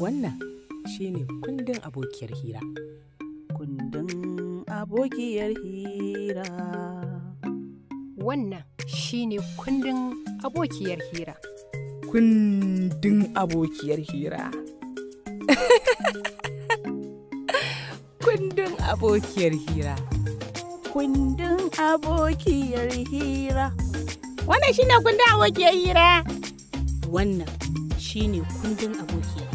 Wannan shi ne kundin abokiyar hira. Kundin abokiyar hira. Wannan shi ne kundin abokiyar hira. Kundin abokiyar hira. kundin abokiyar hira. Kundin abokiyar hira. Wannan shi ne kundin abokiyar hira. Wannan shi ne kundin abokiyar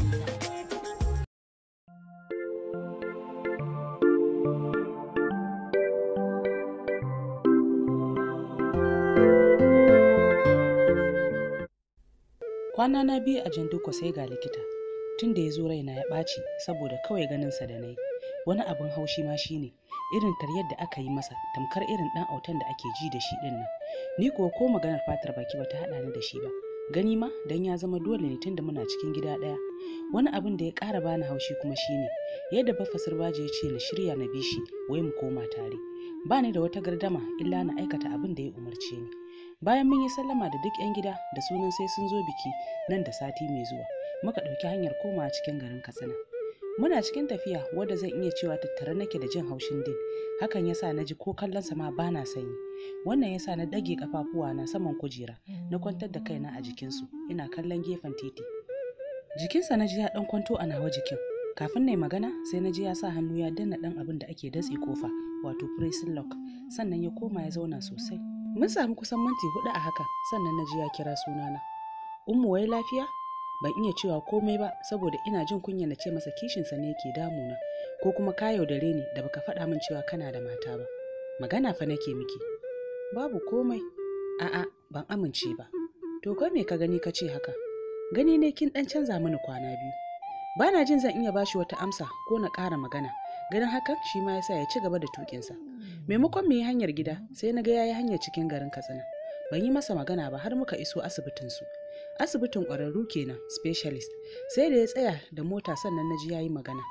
kwana na biyu a janduko sai ga likita tun da ya zo raina ya ɓaci saboda kawai ganinsa da na yi wani abin haushi ma shine irin taryar da aka yi masa tamkar irin ɗan autan da ake ji da shi ɗin nan ni kuwa ko maganar fatar baki bata haɗa ni da shi ba gani ma dan ya zama dole ne tunda muna cikin gida ɗaya wani abin da ya ƙara bani haushi kuma shine yadda bafasar sirbaji ya ce na shirya na bi shi wai mu koma tare Bani da wata gardama illa na aikata abin da ya umarce ni bayan mun yi sallama da duk 'yan gida da sunan sai sun zo biki nan da sati mai zuwa muka ɗauki hanyar komawa cikin garin katsina muna cikin tafiya wadda zan iya cewa tattare nake da jin haushin din hakan ya sa na ji ko kallonsa ma ba na sanyi wannan ya sa na ɗage kafafuwa na saman kujera na kwantar da kaina a jikinsu ina kallon gefen titi jikinsa na ji ya ɗan kwanto a nawa jikin kafin na yi magana sai na ji ya sa hannu ya danna ɗan abin da ake datse kofa wato pressing lock sannan ya koma ya zauna sosai mun samu kusan minti hudu a haka sannan na ji ya kira sunana ummu wai lafiya ban iya cewa komai ba saboda ina jin kunya na ce masa kishinsa ne yake damuna ko kuma ka yaudare ni da baka faɗa min cewa kana da mata ba magana fa nake miki babu komai a'a ban amince ba to kai me ka gani ka ce haka gani ne kin dan canza mini kwana biyu bana jin zan iya bashi wata amsa ko na ƙara magana ganin haka shi ma yasa ya ci gaba da tukinsa maimakon mu yi hanyar gida sai na ga yayi hanyar cikin garin katsina ban yi masa magana ba har muka iso asibitin su asibitin ƙwararru kenan specialist sai da ya tsaya da mota sannan na ji yayi magana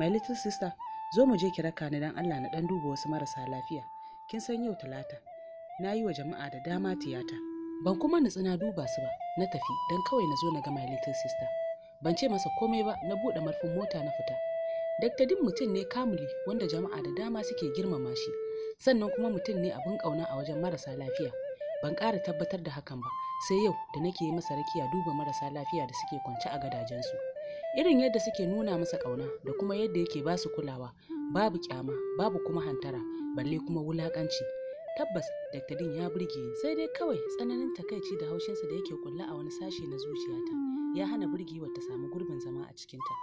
my little sister zo mu je ki raka ni dan Allah na dan duba wasu marasa lafiya kin san yau talata na yi wa jama'a da dama tiyata ban kuma nutsu na duba su ba na tafi dan kawai na zo na ga my little sister ban ce masa komai ba na buɗe marfin mota na fita Dakta mutum ne kamuli wanda jama'a da dama suke girmama shi sannan kuma mutum ne abin ƙauna a wajen marasa lafiya ban ƙara tabbatar da hakan ba sai yau da nake yi masa rakiya duba marasa lafiya da suke kwance a gadajensu irin yadda suke nuna masa ƙauna da kuma yadda yake ba su kulawa babu kyama babu kuma hantara balle kuma wulakanci tabbas dr ya burge ni sai dai kawai tsananin takaici da haushinsa da yake kulla a wani sashe na zuciyata ya hana burgewar ta samu gurbin zama a cikinta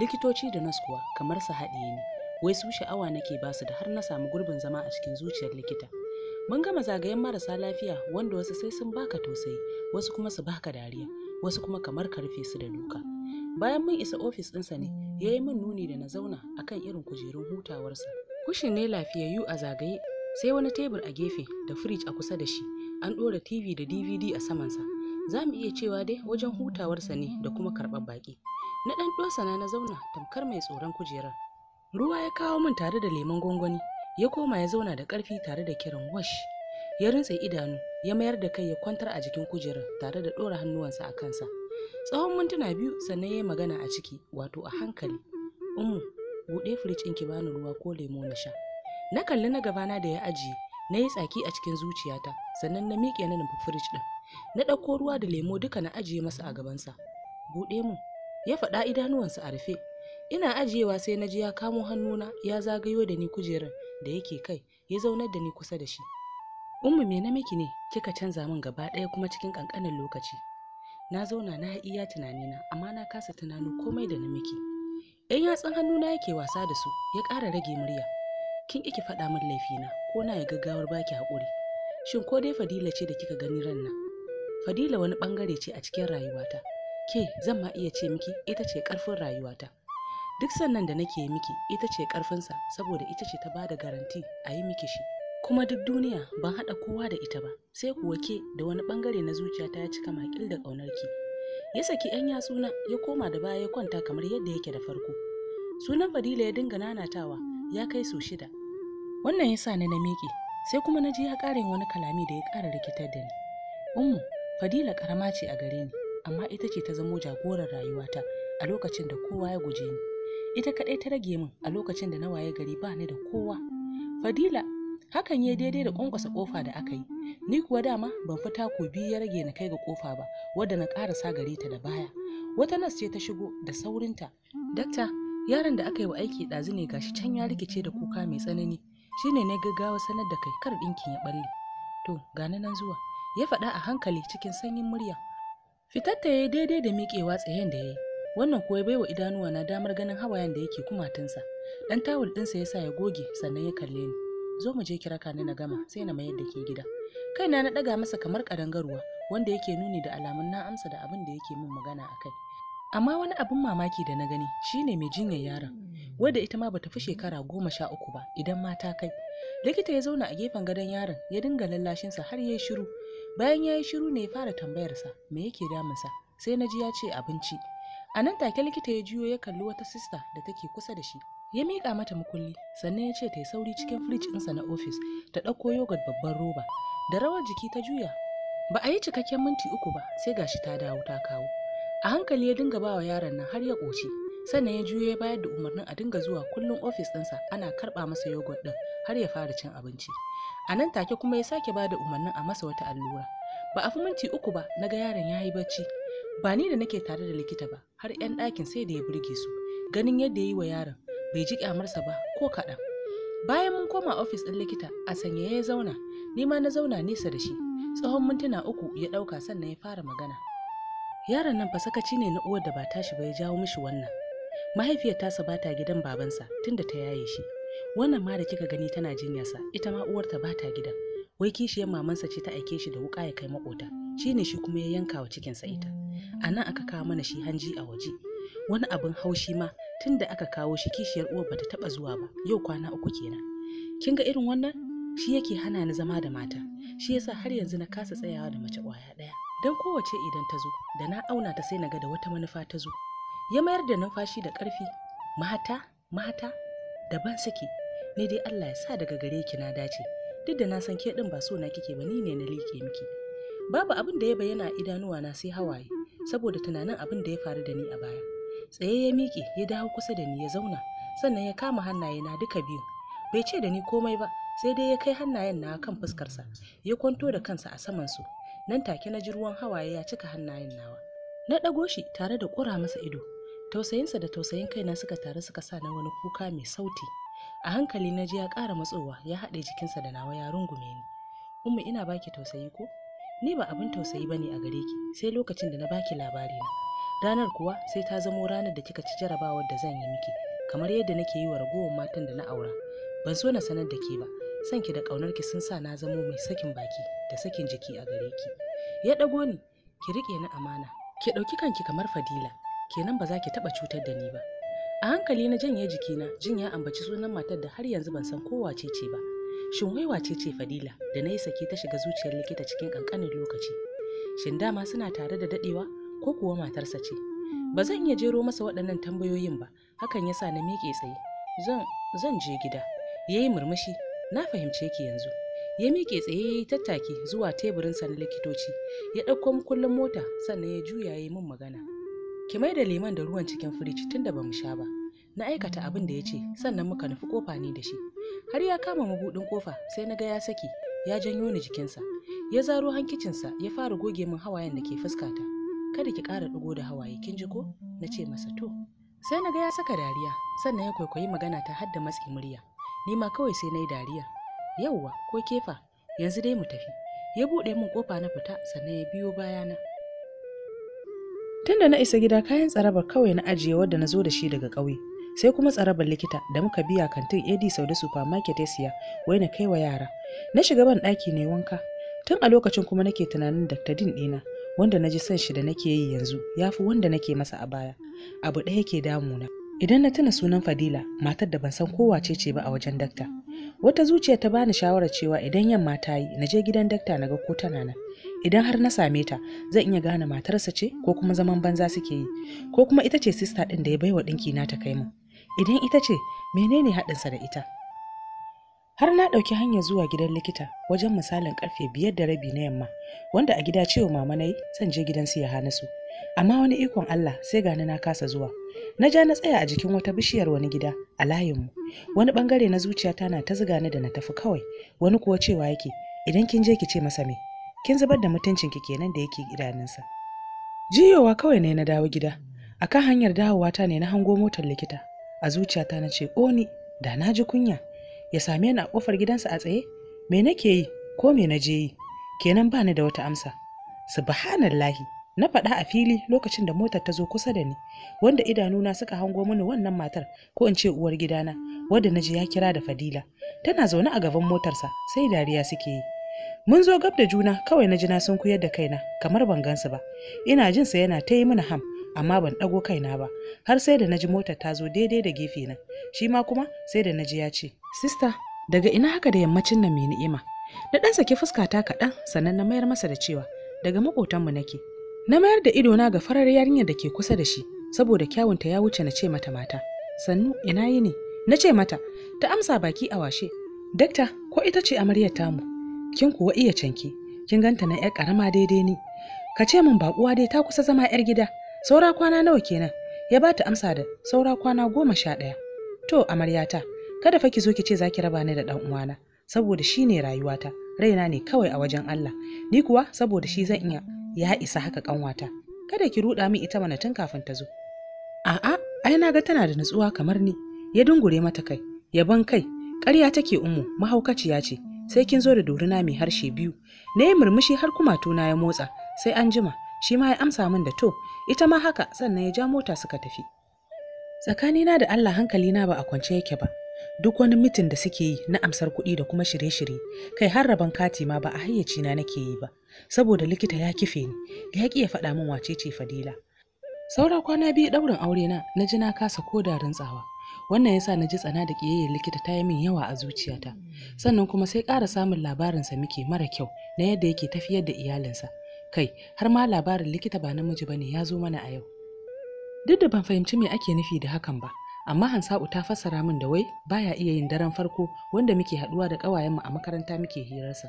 likitoci da nas kuwa kamar su haɗiye ne wai su sha'awa nake basu da har na samu gurbin zama a cikin zuciyar likita mun gama zagayen marasa lafiya wanda wasu sai sun baka tausayi wasu kuma su baka dariya wasu kuma kamar karfe su da duka bayan mun isa ofis ɗinsa ne ya yi mun nuni da na zauna akan irin kujerun hutawarsa kushin ne lafiyayyu a zagaye sai wani tebur a gefe da firij a kusa da shi an ɗora tv da dvd a samansa za mu iya cewa dai wajen hutawarsa ne da kuma karɓar baƙi na ɗan na na zauna tamkar mai tsoron kujerar ruwa ya kawo min tare da lemon gwangwani ya koma ya zauna da ƙarfi tare da kiran wash ya rintse idanu ya mayar da kai ya kwantar a jikin kujerar tare da ɗora hannuwansa a kansa tsawon mintuna biyu sannan ya yi magana a ciki wato a hankali umu buɗe firij in ki bani ruwa ko lemo na sha na kalli na gabana da ya ajiye na yi tsaki a cikin zuciyata sannan na miƙe na nufi firij ɗin na ɗauko ruwa da lemo duka na ajiye masa a gabansa buɗe mu ya faɗa idanuwansa a rufe ina ajiyewa sai na ji ya kamo hannuna ya zagayo da ni kujerar da yake kai ya zaunar da ni kusa da shi ummu me na miki ne kika canza min gaba ɗaya kuma cikin ƙanƙanin lokaci na zauna na iya tunanina amma na kasa tunanin komai da na miki yan yatsun hannuna yake wasa da su ya ƙara rage murya kin ki faɗa min laifina ko na ya gaggawar baki haƙuri shin ko dai fadila ce da kika gani ran nan fadila wani ɓangare ce a cikin rayuwata ke zan ma iya ce miki ita ce ƙarfin rayuwata duk sannan da nake miki ita ce karfinsa saboda ita ce ta ba da garanti a yi miki shi kuma duk duniya ban haɗa kowa da ita ba sai kuwa ke da wani ɓangare na zuciya ta ya cika makil da ƙaunarki ya saki 'yan yatsuna ya koma da baya ya kwanta kamar yadda yake da farko sunan fadila ya dinga nanatawa ya kai su shida wannan ya sa ni na miƙe sai kuma na ji ya ƙarin wani kalami da ya ƙara rikitar da ni ummu fadila karama ce a gare ni amma ita ce ta zamo jagorar rayuwata a lokacin da kowa ya guje ni ita kaɗai ta rage min a lokacin da na waye gari ba ni da kowa fadila hakan ya daidai da ƙwanƙwasa ƙofa da aka yi ni kuwa dama ban fi tako biyu ya rage na kai ga ƙofa ba wadda na sa gare ta da baya wata nas ce ta shigo da saurinta dakta yaron da aka yi wa aiki ɗazu ne gashi can ya rikice da kuka mai tsanani Shi ne na gaggawa sanar da kai kar ɗinkin ya ɓalle to ga na nan zuwa ya faɗa a hankali cikin sanyin murya fitar ta ya daidai da miƙewa tsayen da ya yi wannan kuwa ya baiwa idanuwa na damar ganin hawayen da yake kumatunsa dan tawul ɗinsa ya sa ya goge sannan ya kalle ni zo mu je kira kani na gama sai na mayar da ke gida kaina na daga masa kamar ƙadangarwa wanda yake nuni da alamun na amsa da abin da yake min magana akai amma wani abin mamaki da na gani shine mai jinyar yaron wadda ita ma bata fi shekara goma sha uku ba idan mata kai likita ya zauna a gefen gadon yaron ya dinga sa har ya shiru bayan ya yi shiru ne ya fara tambayar sa, me yake damunsa sai na ji ya ce abinci a nan take likita ya juyo ya kalli wata sista da take kusa da shi ya mika mata mukulli sannan ya ce ta yi sauri cikin firij ɗinsa na ofis ta ɗauko yogot babban roba da rawar jiki ta juya ba a yi cikakken minti uku ba sai gashi ta dawo ta kawo a hankali ya dinga bawa yaron nan har ya ƙoci sannan ya juyo ya bayar da umarnin a dinga zuwa kullum ofis ɗinsa ana karɓa masa yogot ɗin har ya fara cin abinci a nan take kuma ya sake ba da umarnin a masa wata allura ba a fi minti uku ba na ga yaron ya yi bacci ba ni da nake tare da likita ba har 'yan ɗakin sai da ya burge su ganin yadda ya yi wa yaron bai ji kyamarsa ba ko kaɗan bayan mun koma ofis ɗin likita a sanya ya zauna ni ma na zauna nesa da shi tsawon mintuna uku ya ɗauka sannan ya fara magana yaron nan fasakaci ne na uwar da ba tashi ba ya jawo mishi wannan mahaifiyar tasa ba ta gidan babansa tunda ta yaye shi wannan ma da kika gani tana jinyarsa ita ma uwarta ba ta gidan wai kishiyar mamansa ce ta aike shi da wuƙa ya kai maƙota shine shi kuma ya yanka wa cikinsa ita a nan aka kawo mana shi hanji a waje wani abin haushi ma tun da aka kawo shi kishiyar uwar bata taɓa zuwa ba yau kwana uku kenan kin ga irin wannan shi yake hana ni zama da mata shi yasa har yanzu na kasa tsayawa da mace kwaya ɗaya dan kowace idan ta zo da na auna ta sai na ga da wata manufa ta zo ya mayar da numfashi da ƙarfi mata mata ban saki. ni dai Allah ya sa daga gare ki na dace duk da na san ke din ba so na kike ba ni ne na like miki babu abin da ya bayyana a idanuwana sai hawaye saboda tunanin abin da ya faru da ni a baya tsaye ya miƙe ya dawo kusa da ni ya zauna sannan ya kama hannayena duka biyu bai ce da ni komai ba sai dai ya kai hannayen na kan fuskarsa ya kwanto da kansa a saman su nan take na ji ruwan hawaye ya cika hannayen nawa na ɗago shi tare da ƙura masa ido tausayinsa da tausayin kaina suka taru suka sa na wani kuka mai sauti a hankali na ji ya ƙara matsowa ya haɗe jikinsa da nawa ya rungume ni Umu ina baki tausayi ko ni ba abin tausayi ba ne a gare ki sai lokacin da na baki labari na ranar kuwa sai ta zamo ranar da kika ci jarabawar da zan yi miki kamar yadda nake yi wa ragowar matan da na aura ban so na sanar da ke ba san ki da kaunar ki sun sa na zamo mai sakin baki da sakin jiki a gare ki ya ɗago ni ki rike ni amana ki ɗauki kanki kamar fadila kenan ba za ki taɓa cutar da ni ba a hankali na janye jikina jin ya ambaci sunan matar da har yanzu ban san kowace ce ba shin wai wace ce fadila da na yi sake ta shiga zuciyar likita cikin kankanin lokaci shin dama suna tare da dadewa ko kuwa matarsa ce ba zan iya jero masa waɗannan tambayoyin ba hakan yasa na miƙe tsaye zan je gida ya yi murmushi na fahimce ki yanzu ya miƙe tsaye ya yi tattaki zuwa sa na likitoci ya ɗauko mukullin mota sannan ya juya ya yi min magana ki mai da liman da ruwan cikin firij tunda ba mu sha ba na aikata abin da ya ce sannan muka nufi kofa ni da shi har ya kama mabuɗin kofa sai na ga ya saki ya janyo ni jikinsa ya zaro hankicinsa ya fara goge min hawayen da ke fuskata kada ki ƙara ɗigo da hawaye kin ji ko na ce masa to sai na ga ya saka dariya sannan ya kwaikwayi magana ta hadda matsi murya ni ma kawai sai na yi dariya yauwa ko kefa yanzu dai mu tafi ya buɗe min kofa na fita sannan ya biyo bayana tunda na isa gida kayan tsarabar kawai na ajiye wadda na zo da shi daga ƙauye sai kuma tsarabar likita da muka biya kantin ad sau da supermarket ya siya wai na kai wa yara na shiga ban ɗaki ne wanka tun a lokacin kuma nake tunanin dr din ɗina wanda na ji son shi da nake yi yanzu ya fi wanda nake masa a baya abu ɗaya ke damuna idan na tuna sunan fadila matar da ban san kowace ce ba a wajen dakta wata zuciya ta bani shawarar cewa idan yamma ta yi na je gidan dakta na ga ko tana nan idan har na same ta zan iya gane matarsa ce ko kuma zaman banza suke yi ko kuma ita ce sista ɗin da ya baiwa ɗinki na ta kai min idan ita ce menene haɗinsa da ita har na ɗauki hanya zuwa gidan likita wajen misalin karfe biyar da rabi na yamma wanda a gida cewa mama na yi zan je gidan su ya hana su amma wani ikon Allah sai gani na kasa zuwa na ja na tsaya a jikin wata bishiyar wani gida a layinmu wani bangare na zuciyata na ta zuga ni da na tafi kawai wani kuwa cewa yake idan kin je ki ce masa me kin zubar da mutuncin ki kenan da yake idanunsa jiyowa kawai ne na dawo gida akan hanyar dawowa ta ne na hango motar likita a zuciyata na ce oh, ni, da na ji kunya ya same ni a kofar gidansa a tsaye me nake yi ko me na je yi kenan ba ni da wata amsa subhanallahi na faɗa a fili lokacin da motar ta zo kusa da ni wanda idanuna suka hango mini wannan matar ko in ce uwar gidana wadda na ji ya kira da fadila tana zaune a gaban motarsa sai dariya suke yi mun zo gab da juna kawai na ji na sun kuyar da kaina kamar ban gansu ba ina jinsa yana ta yi mini ham amma ban ɗago kaina ba har sai da naji motar ta zo daidai da gefe na shi ma kuma sai da naji ya ce sista daga ina haka da yammacin nan mai ni'ima na ɗan saki fuska ta kaɗan sannan na mayar masa da cewa daga maƙotanmu nake na mayar da ido na ga farar yarinyar da ke kusa da shi saboda kyawunta ya wuce na ce mata mata sannu ina yi ne na ce mata ta amsa baki a washe dakta ko ita ce amaryar tamu kin kuwa iya canki kin ganta na 'yar ƙarama daidai ne ka ce min baƙuwa dai ta kusa zama 'yar gida saura kwana nawa kenan ya ba ta amsa da saura kwana goma sha ɗaya to amaryata kada fa ki zo ki ce za ki raba ni da ɗan uwana saboda shi ne rayuwata raina ne kawai a wajen Allah ni kuwa saboda shi zan iya ya isa haka kanwata kada ki ruɗa min ita mana tun kafin ta zo a'a ai na ga tana da nutsuwa kamar ni ya dungure mata kai yaban kai ƙarya take umu, mahaukaciya ce sai kin zo da dorina mai harshe biyu na yi murmushi har kumatuna ya motsa sai an jima shi ma ya amsa min da to ita ma haka sannan ya ja mota suka tafi Tsakani na da Allah hankali na ba a kwance yake ba duk wani mitin da suke yi na amsar kuɗi da kuma shirye-shirye kai har rabon kati ma ba a hayyaci na nake yi ba saboda likita ya kife ni ya ƙi ya faɗa min wace ce fadila saura kwana biyu ɗaurin aure na na ji na kasa ko da rintsawa wannan yasa na ji tsana da ƙiyayyar likita ta yi min yawa a zuciyata sannan kuma sai ƙara samun labarinsa muke mara kyau na yadda yake tafiyar da iyalinsa kai har ma labarin likita ba namiji bane ya zo mana a yau duk da ban fahimci me ake nufi da hakan ba amma hansa'u ta fassara min da wai baya iya yin daren farko wanda muke haduwa da ƙawayenmu a makaranta muke hirarsa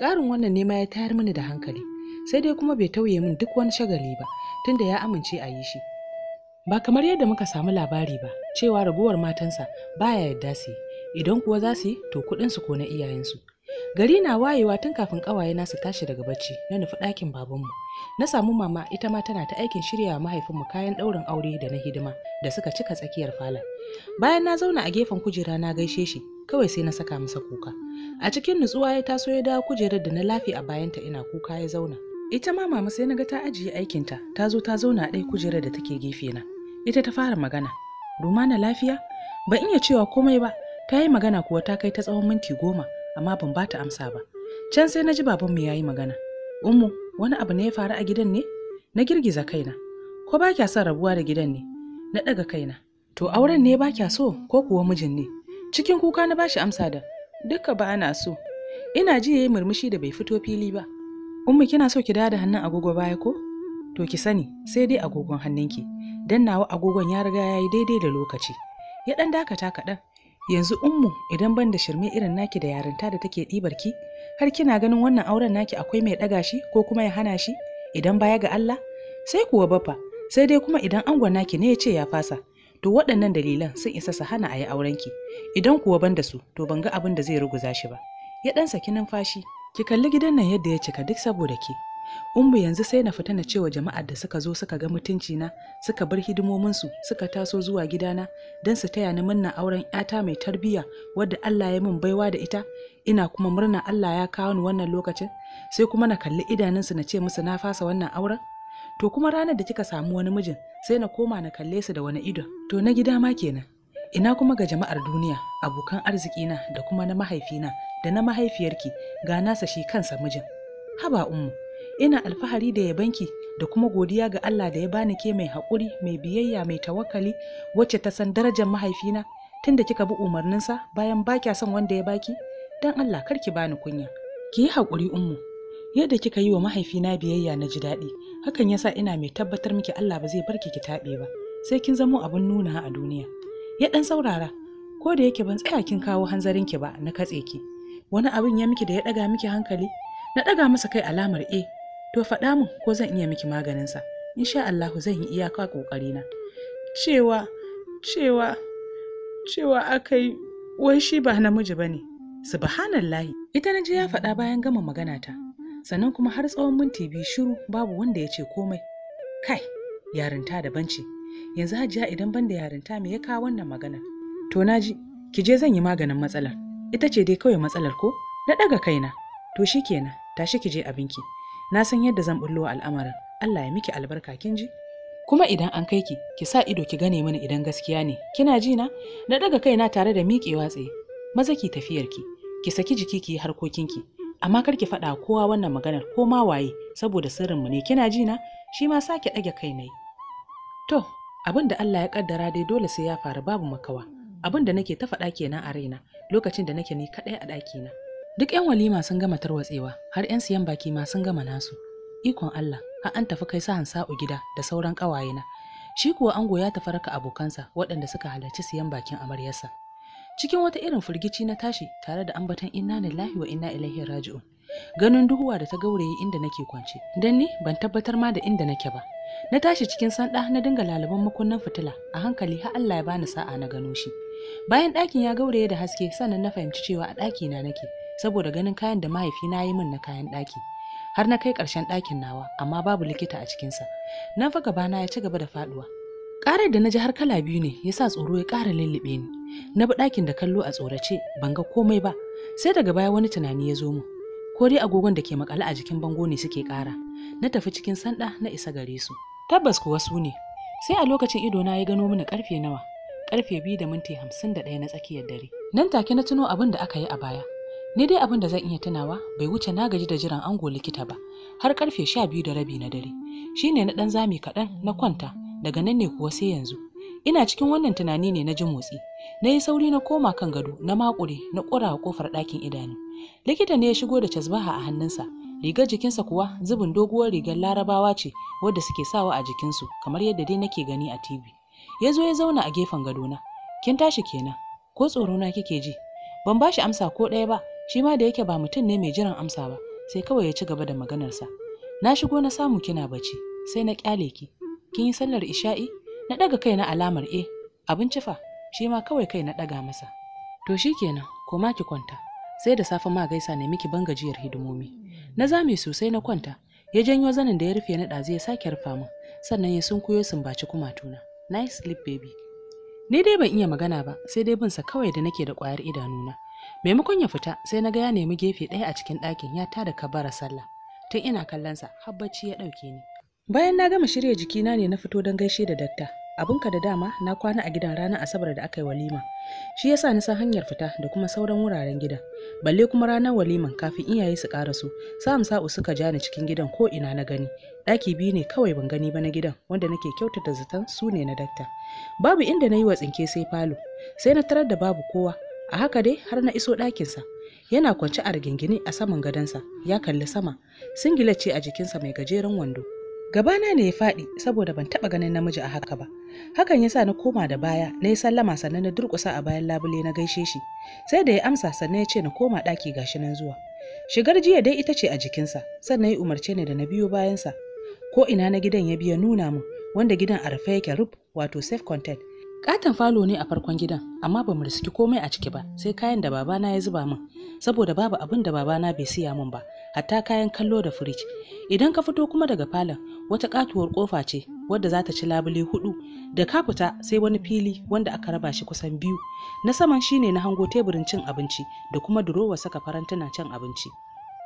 ƙarin wannan nema ya tayar mini da hankali sai dai kuma bai tauye min duk wani shagali ba tunda ya amince a yi shi ba kamar yadda muka samu labari ba cewa raguwar matansa baya yadda su idan kuwa za su yi to kuɗinsu ko na iyayensu Gari na wayewa tun kafin ƙawaye na su tashi daga bacci na nufi ɗakin babanmu. Na samu mama ita ma tana ta aikin shirya mahaifinmu kayan ɗaurin aure da na hidima da suka cika tsakiyar falon. Bayan na zauna a gefen kujera na gaishe shi kawai sai na saka masa kuka. A cikin nutsuwa ya taso ya dawo kujerar da na lafi a bayanta ina kuka ya zauna. Ita ma mama sai na ga ta ajiye aikinta ta zo ta zauna a ɗaya kujerar da take gefe na. Ita ta fara magana. Rumana lafiya? Ban iya cewa komai ba, ta yi magana kuwa ta kai ta tsawon minti goma. amma ban ba ta amsa ba can sai na ji babanmu ya yi magana ummu wani abu ne ya faru a gidan ne na girgiza kaina ko ba kya son rabuwa da gidan ne na ɗaga kaina to auren ne ba kya so ko kuwa mijin ne cikin kuka na bashi amsa da dukka ba ana so ina ji yayi murmushi da bai fito fili ba ummu kina so ki dawo da hannun agogo baya ko to ki sani sai dai agogon hannunki dan nawa agogon ya riga ya yi daidai da lokaci ya dan dakata kaɗan yanzu ummu idan ban da shirme irin naki da yarinta da take ɗibar ki har kina ganin wannan auren naki akwai mai ɗaga shi ko kuma ya hana shi idan baya ga Allah sai kuwa bafa sai dai kuma idan angon naki ne ya ce ya fasa to waɗannan dalilan sun isa su hana a yi aurenki idan kuwa ban da su to ban ga abin da zai ruguza shi ba ya ɗan saki numfashi ki kalli gidan nan yadda ya cika duk saboda ki Umbu yanzu sai na fita na ce wa jama'ar da suka zo suka ga mutunci na, suka bar hidimominsu, suka taso zuwa gidana don su taya ni murna auren 'yata mai tarbiyya wadda Allah ya min baiwa da ita, ina kuma murna Allah ya kawo ni wannan lokacin, sai kuma na kalli idanunsu na ce musu na fasa wannan auren. To kuma ranar da kika samu wani mijin, sai na koma na kalle su da wani ido. To na gida ma kenan. Ina kuma ga jama'ar duniya, abokan arzikina da kuma na mahaifina da na mahaifiyarki ga nasa shi kansa mijin. Haba ummu, ina alfahari da yabanki da kuma godiya ga Allah da ya bani ke mai haƙuri mai biyayya mai tawakali wacce ta san darajar mahaifina tunda kika bi umarninsa bayan ba kya son wanda ya baki dan Allah kar ki bani kunya ki yi haƙuri ummu yadda kika yi wa mahaifina biyayya na ji daɗi hakan yasa ina mai tabbatar miki Allah ba zai bar ki ki taɓe ba sai kin zamo abin nuna a duniya ya ɗan saurara ko da yake ban tsaya kin kawo hanzarin ki ba na katse ki wani abin ya miki da ya ɗaga miki hankali na ɗaga masa kai alamar e to faɗa min ko zan iya miki maganin maganinsa insha Allahu zan yi iyaka ƙoƙarina cewa cewa cewa aka wai shi ba namiji ba ne subhanallahi ita na je ya faɗa bayan gama magana ta sannan kuma har tsawon minti biyu shiru babu wanda ya ce komai kai yarinta da banci yanzu hajiya idan banda yarinta me ya kawo wannan magana to naji ki je zan yi maganin matsalar ita ce dai kawai matsalar ko na ɗaga kaina to shikenan tashi ki je abinki na san yadda zan bullo al'amarin Allah ya miki albarka kin ji kuma idan an kai ki ki sa ido ki gane mini idan gaskiya ne kina ji na na daga kaina tare da miƙewa tsaye maza ki tafiyar ki ki saki jiki ki yi harkokin ki amma kar ki faɗa kowa wannan maganar ko ma waye saboda sirrin mu ne kina ji na shi ma sake ɗage kai nayi to abin da Allah ya kaddara dai dole sai ya faru babu makawa abin da nake ta faɗa kenan a raina lokacin da nake ni kaɗai a ɗakina. na Duk 'yan walima sun gama tarwatsewa, har 'yan siyan baki ma sun gama nasu. Ikon Allah, har an tafi kai sahan sa'u gida da sauran ƙawayena. Shi kuwa ango ya tafi raka abokansa waɗanda suka halarci siyan bakin amaryarsa. Cikin wata irin firgici na tashi tare da ambaton inna lillahi wa inna ilaihi raji'un. Ganin duhuwa da ta gauraye inda nake kwance, don ni ban tabbatar ma da inda nake ba. Na tashi cikin sanda na dinga lalaban makunnan fitila a hankali har Allah ya bani sa'a na gano shi. Bayan ɗakin ya gauraye da haske sannan na fahimci cewa a ɗakina nake. saboda ganin kayan da mahaifina ya yi min na kayan ɗaki har na kai ƙarshen ɗakin nawa amma babu likita a cikinsa nan fa gabana ya ci gaba da faɗuwa Ƙarar da na ji har kala biyu ne ya sa tsoro ya ƙara lullube ni. Na bi ɗakin da kallo a tsorace ban ga komai ba, sai daga baya wani tunani ya zo mu. Ko dai agogon da ke makale a jikin bango ne suke ƙara. Na tafi cikin sanda na isa gare su. Tabbas kuwa su ne. Sai a lokacin ido na ya gano mini ƙarfe nawa. Ƙarfe biyu da minti hamsin da ɗaya na tsakiyar dare. Nan take na tuno abin da aka yi a baya. ni dai abin da zan iya tunawa bai wuce na gaji da jiran ango likita ba har karfe sha biyu da rabi na dare Shi ne na ɗan zami kaɗan na kwanta daga nan ne kuwa sai yanzu ina cikin wannan tunani ne na ji motsi na yi sauri na koma kan gado na makure na ƙura kofar ɗakin idanu likita ne ya shigo da casbaha a hannunsa rigar jikinsa kuwa zubin doguwar rigar larabawa ce wadda suke sawa a jikinsu kamar yadda dai nake gani a tv ya zo ya zauna a gefen gadona kin tashi kenan ko tsoro na kike ji ban bashi amsa ko ɗaya ba shi ma da yake ba mutum ne mai jiran amsa ba sai kawai ya ci gaba da maganarsa na shigo na samu kina bacci sai na kyale ki kin yi sallar isha'i na ɗaga kai na alamar e abinci fa shi ma kawai kai na ɗaga masa to shi shikenan koma ki kwanta sai da safe ma gaisa ne miki ban gajiyar hidimomi na zame sosai na kwanta ya janyo zanin da ya rufe na ɗazu ya sake rufa min sannan ya sunkuyo sumbaci kumatuna nice sleep baby ni dai ban iya magana ba sai dai binsa kawai da nake da ƙwayar idanuna maimakon ya fita sai na ga ya nemi gefe ɗaya a cikin ɗakin ya tada ka bara sallah tun ina kallonsa har bacci ya ɗauke ni bayan na gama shirya jikina ne na fito don gaishe da datta. abinka da dama na kwana a gidan ranar asabar da aka yi walima shi yasa na san hanyar fita da kuma sauran wuraren gidan balle kuma ranar waliman kafin iyaye su su, sa'am sa'u suka ja ni cikin gidan ko ina na gani ɗaki biyu ne kawai ban gani ba na gidan wanda nake kyautata zaton su ne na datta. babu inda na yi wa tsinke sai falo sai na tarar da babu kowa a haka dai har na iso ɗakinsa yana kwance a rigingine a saman gadonsa ya kalli sama singila ce a jikinsa mai gajeren wando gabana ne ya faɗi saboda ban taɓa ganin namiji a haka ba hakan ya sa na koma da baya na yi sallama sannan na durƙusa a bayan labule na gaishe shi sai da ya amsa sannan ya ce na koma ɗaki gashi nan zuwa shigar jiya dai ita ce a jikinsa sannan ya umarce ni da na biyo bayansa ko ina na gidan ya biya nuna mu, wanda gidan a rufe yake rub wato safe content Katon falo ne a farkon gidan, amma ba mu riski komai a ciki ba, sai kayan da babana ya zuba min, saboda babu abin da babana bai siya min ba, hatta kayan kallo da firij. Idan ka fito kuma daga falon, wata katuwar kofa ce wadda za ta ci labule hudu, da ka fita sai wani fili wanda aka raba shi kusan biyu. Na saman shine na hango teburin cin abinci da kuma durowa saka farantuna cin abinci.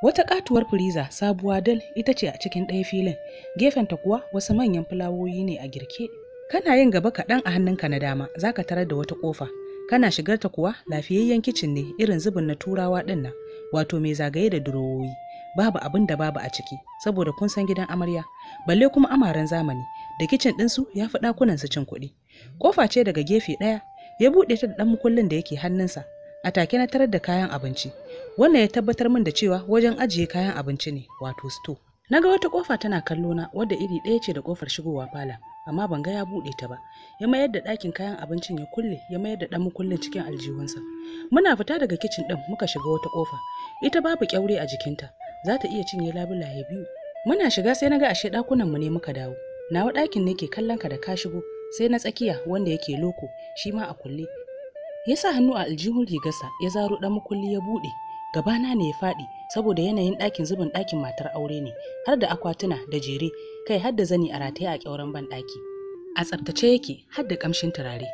Wata katuwar firiza sabuwa dal ita ce a cikin ɗaya filin, gefen ta kuwa wasu manyan fulawoyi ne a girke kana yin gaba kaɗan a hannunka na dama za ka tarar da wata ƙofa kana shigar ta kuwa lafiyayyen kicin ne irin zubin na turawa ɗin wato mai zagaye da durowoyi babu abin da babu a ciki saboda kun san gidan amarya balle kuma amaren zamani da kicin ɗinsu ya fi ɗakunan su cin kuɗi ƙofa ce daga gefe ɗaya ya buɗe ta da ɗan mukullin da yake hannunsa a take na tarar da kayan abinci wannan ya tabbatar min da cewa wajen ajiye kayan abinci ne wato sto na ga wata ƙofa tana kallona wadda iri ɗaya ce da ƙofar shigowa fala amma ban ga ya buɗe ta ba ya mayar da ɗakin kayan abincin ya kulle ya mayar da ɗan mukullin cikin aljihunsa muna fita daga kicin ɗin muka shiga wata ƙofa ita babu ƙyaure a jikinta za ta iya cinye labulaye biyu muna shiga sai na ga ashe ɗakunan mu ne muka dawo nawa ɗakin ne ke kallon ka da ka shigo sai na tsakiya wanda yake loko shi ma a kulle ya sa hannu a aljihun rigarsa ya zaro ɗan mukulli ya buɗe gabana ne ya faɗi saboda yanayin ɗakin zubin ɗakin matar aure ne har da akwatuna da jere kai har da zani a rataye a ƙyauren banɗaki a tsaftace yake har da kamshin turare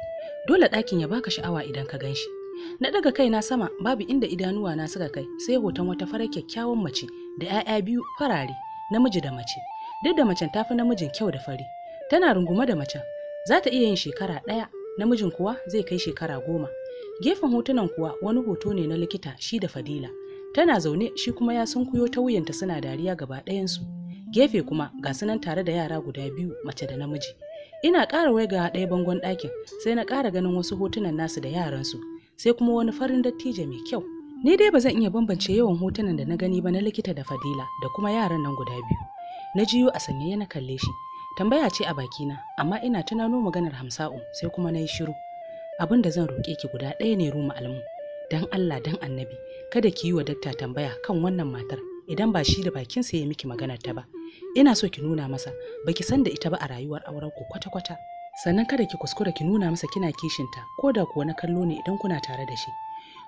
dole ɗakin ya baka sha'awa idan ka gan shi na daga na sama babu inda idanuwa na suka kai sai hoton wata farar kyakkyawan mace da 'ya'ya biyu farare namiji da mace duk da macen fi namijin kyau da fari tana rungume da macen za ta iya yin shekara ɗaya namijin kuwa zai kai shekara goma gefen hotunan kuwa wani hoto ne na likita shi da fadila tana zaune shi kuma ya sunkuyo ta wuyanta suna dariya gaba ɗayansu gefe kuma ga sunan tare da yara guda biyu mace da namiji ina ƙara waiga ɗaya bangon ɗakin sai na ƙara ganin wasu hotunan nasu da yaransu sai kuma wani farin dattijo mai kyau ni dai ba zan iya bambance yawan hotunan da na gani ba na likita da fadila da kuma yaran nan guda biyu na jiyo a sanye na kalle shi tambaya ce a bakina amma ina tunano maganar hamsa'u sai kuma na yi shiru abin da zan roƙe ki guda ɗaya ne ruma almu don allah don annabi kada ki yi wa dakta tambaya kan wannan matar idan ba shi da bakinsa ya miki maganar ta ba ina so ki nuna masa baki san da ita ba a rayuwar auren ku kwata-kwata sannan kada ki kuskura ki nuna masa kina kishinta ko da kuwa na kallo ne idan kuna tare da shi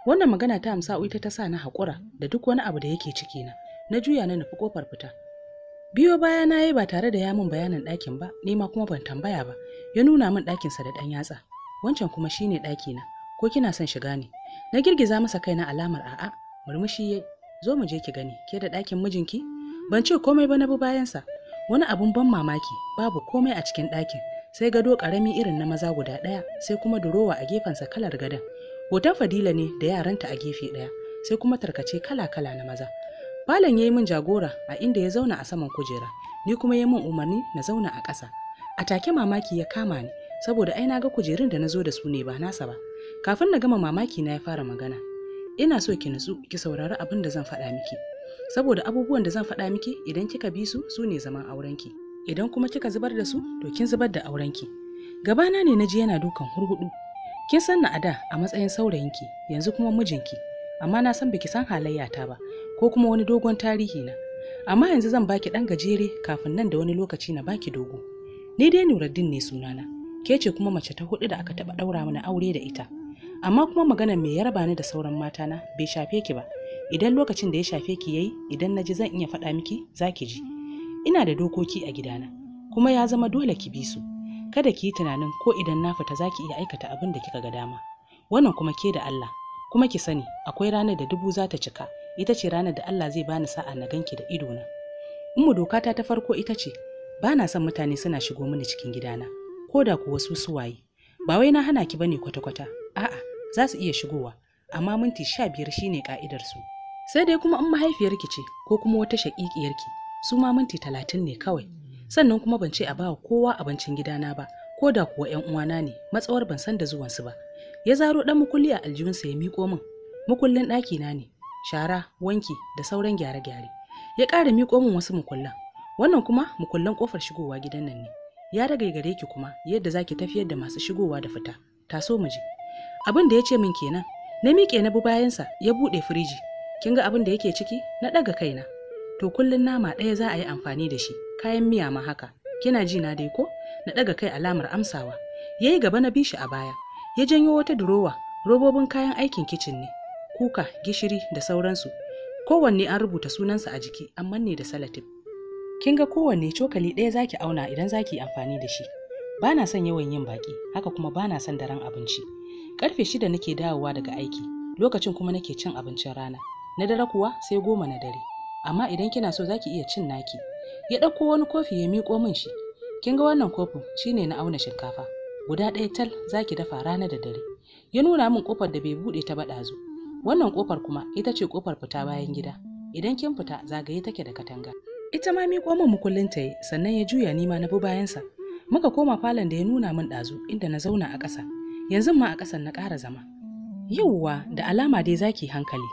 wannan magana ta amsa ita ta sa na haƙura da duk wani abu da yake ciki na na juya na nufi kofar fita biyo baya na yi ba tare da ya min bayanin ɗakin ba ni ma kuma ban tambaya ba ya nuna min ɗakinsa da ɗan yatsa wancan kuma shine ɗakina ko kina son shiga ne na girgiza masa kaina alamar a'a murmushi yayi zo mu je ki gani ke da ɗakin mijinki ban ce komai ba na bi bayansa wani abun ban mamaki babu komai a cikin ɗakin sai gado ƙarami irin na maza guda ɗaya sai kuma durowa a gefensa kalar gadon hoton fadila ne da yaranta a gefe ɗaya sai kuma tarkace kala-kala na maza falon ya yi min jagora a inda ya zauna a saman kujera ni kuma ya min umarni na zauna a ƙasa a take mamaki ya kama ni saboda ai na ga kujerun da na zo da su ne ba nasa ba kafin na gama mamaki na ya fara magana ina so ki nutsu ki saurari abin da zan faɗa miki saboda abubuwan da zan faɗa miki idan kika bi su su ne zaman aurenki idan kuma kika zubar da su to kin zubar da aurenki gabana ne naji yana dukan hurhudu kin san na ada a matsayin saurayinki yanzu kuma mijinki amma na san biki san halayyata ba ko kuma wani dogon tarihi na amma yanzu zan baki dan gajere kafin nan da wani lokaci na baki dogo ni dai Nuruddin ne sunana ke ce kuma mace ta hudu da aka taba daura mana aure da ita amma kuma magana mai yarba ni da sauran mata na bai shafe ki ba idan lokacin da ya shafe ki yayi idan na ji zan iya faɗa miki zaki ji ina da dokoki a gidana kuma ya zama dole ki bi su kada ki yi tunanin ko idan na fita zaki iya aikata abin da kika ga dama wannan kuma ke da Allah kuma ki sani akwai ranar da dubu za ta cika ita ce ranar da Allah zai bani sa'a na ganki da ido idona ummu dokata ta farko ita ce ba na son mutane suna shigo mini cikin gidana ko da kuwa su suwaye ba wai na hana ki bane kwata-kwata A'a, za su iya shigowa, amma minti sha biyar shine su Sai dai kuma in mahaifiyarki ce ko kuma wata shaƙiƙiyarki, su ma minti talatin ne kawai. Sannan kuma ban ce a bawa kowa abincin gidana ba, ko da kuwa 'yan uwana ne, matsawar ban san da zuwansu ba. Ya zaro ɗan mukulli a aljihunsa ya miƙo min. Mukullin ɗaki na ne, shara, wanki da sauran gyare-gyare. Ya ƙara miƙo min wasu mukullan. Wannan kuma mukullan ƙofar shigowa gidan nan ne. Ya daga gare ki kuma yadda za ki tafiyar da masu shigowa da fita. Taso mu je. abin da ya ce min kenan na miƙe na bi bayansa ya buɗe firiji kin ga abin da yake ciki na ɗaga kaina to kullum nama ɗaya za a yi amfani da shi kayan miya ma haka kina ji na dai ko na ɗaga kai alamar amsawa ya yi gaba na bi shi a baya ya janyo wata durowa robobin kayan aikin kicin ne kuka gishiri da sauransu kowanne an rubuta sunansa a jiki amma ne da salatin. kin ga kowanne cokali ɗaya zaki auna idan zaki amfani da shi Ba na son yawan yin baƙi, haka kuma bana son daren abinci Karfe shida nake dawowa daga aiki, lokacin kuma nake cin abincin rana. Na dare kuwa sai goma na dare. Amma idan kina so zaki iya cin naki. Ya ɗauko wani kofi ya miƙo min shi. Kin ga wannan kofin shine na auna shinkafa. Guda ɗaya tal zaki dafa rana da dare. Ya nuna min kofar da bai buɗe ta ba ɗazu. Wannan kofar kuma ita ce kofar fita bayan gida. Idan kin fita zagaye take da katanga. Ita ma miƙo min mukullin ta yi sannan ya juya nima na bi bayansa. Muka koma falon da ya nuna min ɗazu inda na zauna a ƙasa. yanzu ma a ƙasan na ƙara zama yauwa da alama dai zaki hankali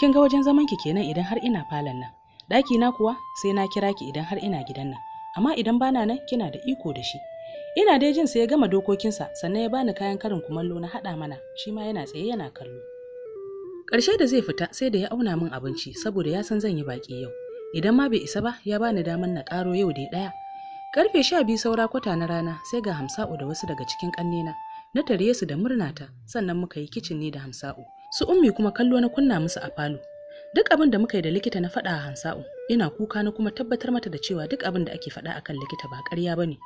kin ga wajen zaman ki kenan idan har ina falon nan ɗaki na kuwa sai na kira ki idan har ina gidan nan amma idan bana nan kina da iko da shi ina dai jin sai ya gama dokokinsa sannan ya bani kayan karin kumallo na haɗa mana shi ma yana tsaye yana kallo ƙarshe da zai fita sai da ya auna min abinci saboda ya san zan yi baƙi yau idan ma bai isa ba ya bani daman na ƙaro yau dai ɗaya karfe sha biyu saura kwata na rana sai ga hamsa'u da wasu daga cikin ƙannena na tare su da murnata sannan muka yi kicin ne da hamsa'u su ummi kuma kallo na kunna musu a falo duk abin da muka yi da likita na faɗa a hamsa'u ina kuka na kuma tabbatar mata da cewa duk abin da ake faɗa a kan likita ba ƙarya ba ne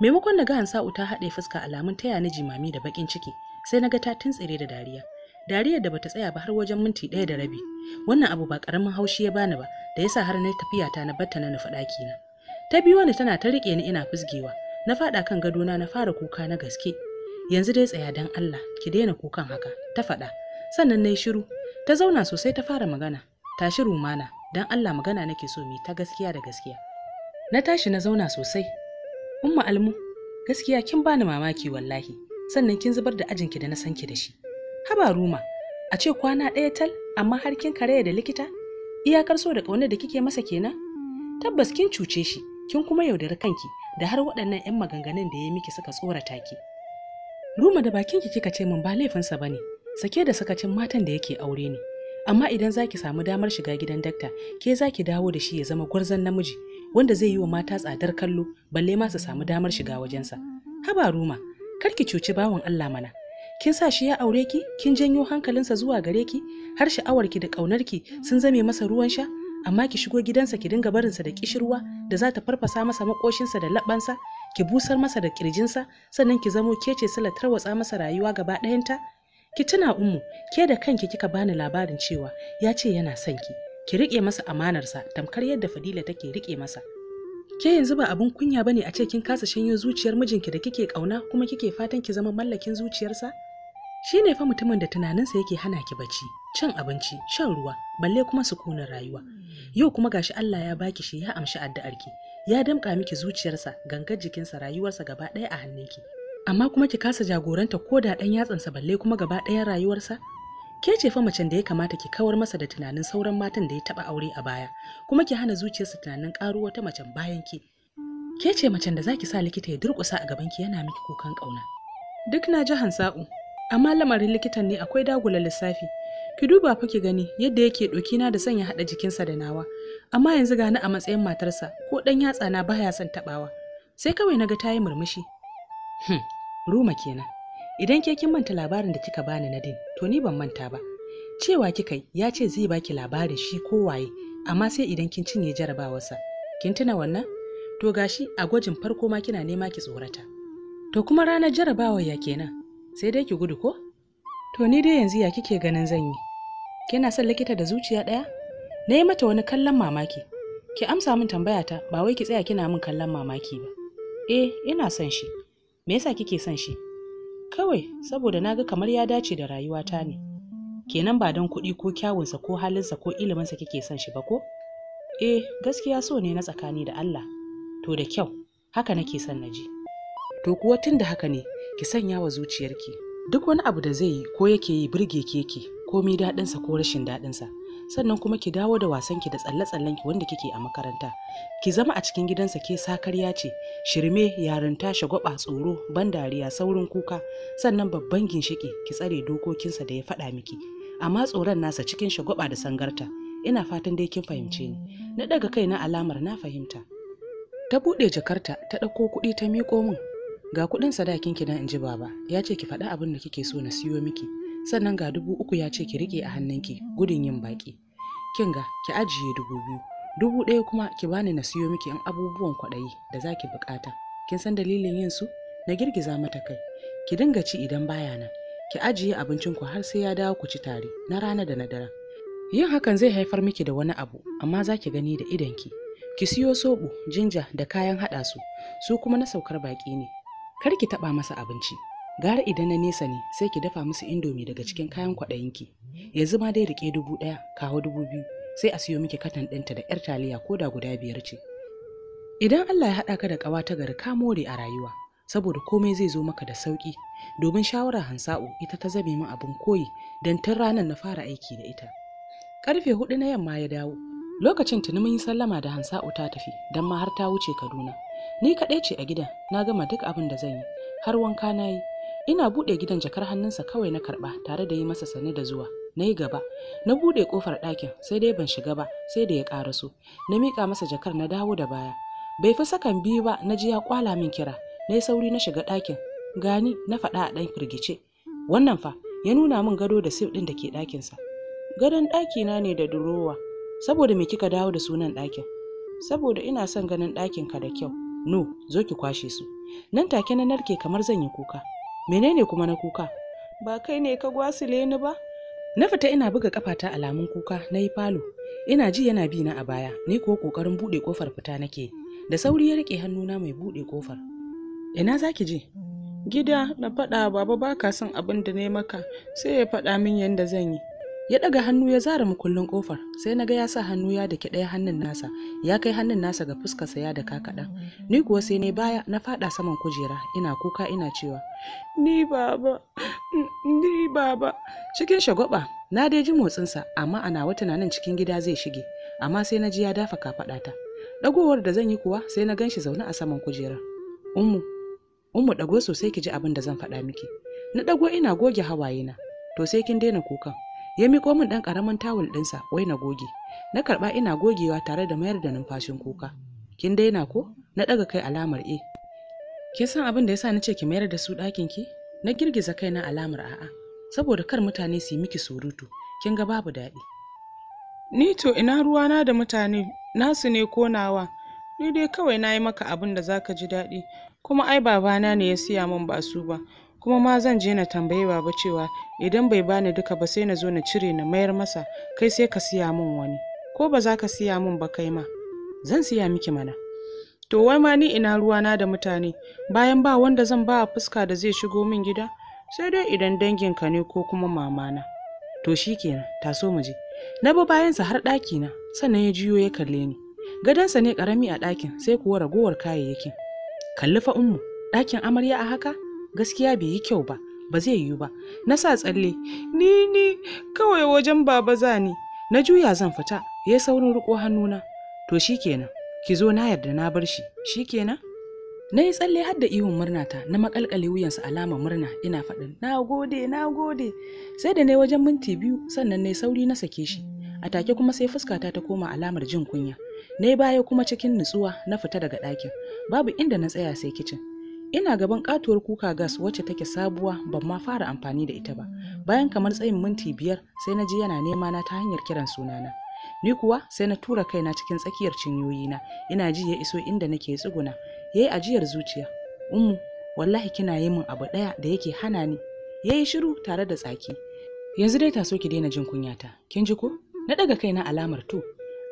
maimakon na ga hansa'u ta haɗe fuska alamun taya na jimami da baƙin ciki sai na ga ta tuntsire da dariya dariyar da bata tsaya ba har wajen minti ɗaya da rabi wannan abu ba ƙaramin haushi ya bani ba da yasa har na tafiya ta na batta na nufi ɗaki na ta biyu ni tana ta riƙe ni ina fusgewa na faɗa kan gadona na fara kuka na gaske yanzu dai tsaya don Allah ki daina kukan haka ta faɗa sannan na yi shiru ta zauna sosai ta fara magana Ta tashi rumana don Allah magana nake so mi ta gaskiya da gaskiya na tashi na zauna sosai umma almu gaskiya kin bani mamaki wallahi sannan kin zubar da ajinki da na san ki da shi haba ruma a ce kwana ɗaya tal amma har kin karaya da likita iyakar so da ƙaunar da kike masa kenan tabbas kin cuce shi kin kuma yaudari kanki da har waɗannan 'yan maganganun da ya miki suka tsorata ki. Ruma da bakinki kika ce min ba laifinsa ba ne, sake da sakacin matan da yake aure ne. Amma idan zaki samu damar shiga gidan dakta, ke zaki dawo da shi ya zama gwarzon namiji, wanda zai yi wa mata tsadar kallo, balle ma su samu damar shiga wajensa. Haba Ruma, kar ki cuci bawan Allah mana. Kin sa shi ya aure ki, kin janyo hankalinsa zuwa gare ki, har sha'awarki da ƙaunarki sun zame masa ruwan sha, amma ki shigo gidansa ki dinga barinsa da kishirwa da za ta farfasa masa makoshinsa da labansa ki busar masa da kirjinsa sannan ki zamo ke ce sila tarwatsa masa rayuwa gaba ɗayanta ki tuna umu ke da kanki kika bani labarin cewa ya ce yana son ki ki riƙe masa amanarsa tamkar yadda fadila take riƙe masa ke yanzu ba abin kunya bane a ce kin kasa shanyo zuciyar mijinki da kike ƙauna kuma kike fatan ki zama mallakin zuciyarsa shi ne fa mutumin da tunaninsa yake hana ki bacci cin abinci shan ruwa balle kuma sukunin rayuwa yau kuma gashi Allah ya baki shi ya amshi addu'arki ya damƙa miki zuciyarsa gangar jikinsa rayuwarsa gaba ɗaya a hannunki amma kuma ki kasa jagoranta ko da ɗan yatsansa balle kuma gaba ɗaya rayuwarsa ke ce fa macen da ya kamata ki kawar masa da tunanin sauran matan da ya taɓa aure a baya kuma ki hana zuciyarsa tunanin ƙaro wata macen bayan ki ke ce macen da za ki sa likita ya durƙusa a gabanki yana miki kukan ƙauna duk na ji hansa'u amma lamarin likitan ne akwai dagula lissafi ki duba fa ki gani yadda yake ɗokina da sanya haɗa jikinsa da nawa amma yanzu gani a matsayin matarsa ko ɗan yatsa na baya son taɓawa sai kawai na ga ta murmushi hmm, ruma kenan idan ke kin manta labarin da kika bani na din to ni ban manta ba cewa kika ya ce zai baki labarin shi ko waye amma sai idan kin cinye jarabawarsa kin tuna wannan to gashi a gwajin farko ma kina nema ki tsorata to kuma ranar jarabawar ya kenan sai dai ki gudu ko to ni dai yanzu ya kike ganin zan yi kina son likita da zuciya ɗaya na yi mata wani kallon mamaki ki amsa min tambayata ba wai ki tsaya kina min kallon mamaki ba eh ina son shi me yasa kike son shi kawai saboda na ga kamar ya dace da rayuwata ne kenan ba don kuɗi ko kyawunsa ko halinsa ko iliminsa kike son shi ba ko eh gaskiya so ne na tsakani da Allah to da kyau haka nake son na ji to kuwa tun da haka ne ki sanya wa zuciyarki duk wani abu da zai yi ko yake yi burge ki yake komai daɗinsa ko rashin daɗinsa sannan kuma ki dawo da wasanki da tsalle ki wanda kike a makaranta ki zama a cikin gidansa ke sakarya ce shirme yarinta shagwaba tsoro ban dariya saurin kuka sannan babban ginshiki ki tsare dokokinsa da ya faɗa miki amma tsoron nasa cikin shagwaba da sangarta ina fatan dai kin fahimce ni na daga kai na alamar na fahimta ta buɗe jakarta ta ɗauko kuɗi ta miƙo min ga kuɗin sadakin ki na in ji baba ya ce ki faɗa abin da kike so na siyo miki sannan ga dubu uku ya ce ki rike a hannunki gudun yin baki kin ga ki ajiye dubu biyu dubu ɗaya kuma ki bani na siyo miki yan abubuwan kwaɗayi da za ki buƙata kin san dalilin yin su na girgiza mata kai ki dinga ci idan baya nan ki ajiye abincinku har sai ya dawo ku ci tare na rana da na daren yin hakan zai haifar miki da wani abu amma za ki gani da idonki? ki siyo soɓo jinja da kayan haɗa su su kuma na saukar baƙi ne kar ki taɓa masa abinci gara idan na nesa ne sai ki dafa musu indomi daga cikin kayan kwaɗayinki yanzu ma dai rike dubu ɗaya kawo dubu biyu sai a siyo miki katan ɗinta da 'yar taliya ko da guda biyar ce idan allah ya haɗa ka da ƙawa ta gari ka more a rayuwa saboda komai zai zo maka da sauƙi domin shawara hansa'u ita ta zame min abin koyi don tun ranar na fara aiki da ita karfe hudu na yamma ya dawo lokacin tuni mun yi sallama da hansa'u ta tafi don ma har ta wuce kaduna ni kaɗai ce a gidan na gama duk abin da zan yi har wanka na yi ina buɗe gidan jakar hannunsa kawai na karɓa tare da yi masa sane da zuwa na yi gaba na buɗe ƙofar ɗakin sai dai ban shiga ba sai da ya ƙaraso na miƙa masa jakar na dawo da baya bai fi sakan biyu ba na ji ya kwala min kira na yi sauri na shiga ɗakin gani na faɗa a ɗan firgice wannan fa ya nuna min gado da sif ɗin da ke ɗakinsa gadon ɗakina ne da durowa saboda me kika dawo da sunan ɗakin saboda ina son ganin ɗakinka da kyau no zo ki kwashe su nan take na narke kamar zan yi kuka menene kuma na kuka ba kai ne ka gwasile ni ba na fita ina buga kafata alamun kuka na yi falo ina ji yana bi na a baya ni kuwa kokarin bude kofar fita nake da sauri ya rike hannuna mai bude kofar ina zaki je gida na faɗa baba baka son abin da ne maka sai ya faɗa min yanda zan yi ya daga hannu ya zara mukullin kofar sai na ga ya sa hannu ya daki ɗaya hannun nasa ya kai hannun nasa ga fuskarsa ya daka kaɗan ni kuwa sai ne baya na faɗa saman kujera ina kuka ina cewa ni baba ni baba cikin shagwaba na dai ji motsinsa amma ana wa tunanin cikin gida zai shige amma sai na ji ya dafa kafaɗata dagowar da zan yi kuwa sai na ganshi zaune a saman kujera. ummu ummu dago sosai ki ji abin da zan faɗa miki na dago ina goge hawaye na to sai kin daina kukan ya miko min ɗan ƙaramin tawul ɗinsa wai na goge na karɓa ina gogewa tare da mayar da numfashin kuka kin daina ko na ɗaga kai alamar e kin san abin da yasa nace ki mayar da su ɗakin ki na girgiza kai na alamar a'a saboda kar mutane su yi miki surutu kin ga babu daɗi ni to ina ruwana da mutane nasu ne ko nawa ni dai kawai na yi maka abin da zaka ji daɗi kuma ai babana ne ya siya min ba su ba kuma ma zan je na tambayi baba cewa idan bai bani duka ba sai na zo na cire na mayar masa kai sai ka siya min wani ko ba za ka siya min ba kai ma zan siya miki mana to wai ma ni ina ruwa na da mutane bayan ba wanda zan ba a fuska da zai shigo min gida sai dai idan danginka ne ko kuma mamana to shikenan taso mu je na bi bayansa har na sannan ya jiyo ya kalle ni gadonsa ne ƙarami a ɗakin sai kuwa ragowar kayayyakin kalli fa ummu ɗakin amarya a haka gaskiya bai yi kyau ba ba zai yiwu ba na sa tsalle ni ni kawai wajen baba za na juya zan fita ya saurin riko hannuna to shikenan ki zo na yarda na bar shi shikenan na yi tsalle har da ihun murnata na makalkale wuyansa alama murna ina faɗin na gode na gode sai da na wajen minti biyu sannan na sauri na sake shi a take kuma sai fuskata ta koma alamar jin kunya na baya kuma cikin nutsuwa na fita daga ɗakin babu inda na tsaya sai kicin ina gaban katuwar kuka gas wacce take sabuwa ban ma fara amfani da ita ba bayan kamar tsayin minti biyar sai na ji yana nema na ta hanyar kiran sunana ni kuwa sai na tura kaina cikin tsakiyar na, ina ji ya iso inda nake tsuguna yayi ajiyar zuciya ummu wallahi kina yi min abu daya da yake hana ni yayi shiru tare da tsaki yanzu dai taso ki daina jin kunyata kin ji ko na daga kaina alamar to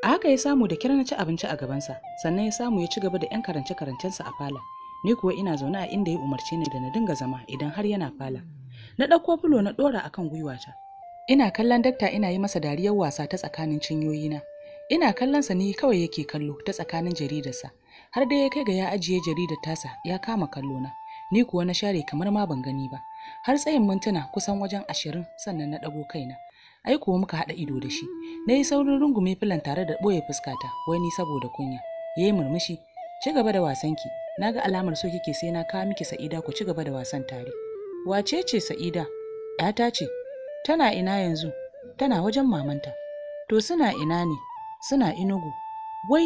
a haka ya samu da kira na ci abinci a gabansa sannan ya samu ya ci gaba da yan karance karancensa a falon ni kuwa ina zaune a inda ya umarce ni da na dinga zama idan har yana fala na ɗauko fulo na ɗora a kan gwiwata ina kallon dakta ina yi masa dariyar wasa ta tsakanin cinyoyina ina kallonsa sa ni kawai yake kallo ta tsakanin jaridarsa har dai ya kai ga ya ajiye jaridar tasa ya kama kallo na ni kuwa na share kamar ma ban gani ba har tsayin mintuna kusan wajen ashirin sannan na ɗago kaina ai kuwa muka haɗa ido da shi na yi saurin rungume filan tare da ɓoye fuskata wai ni saboda kunya ya yi murmushi ci gaba da wasanki na ga alamar so kike sai na kawo miki sa'ida ku ci gaba da wasan tare wace ce sa'ida ‘yata ce tana ina yanzu tana wajen mamanta to suna ina ne suna inugu wai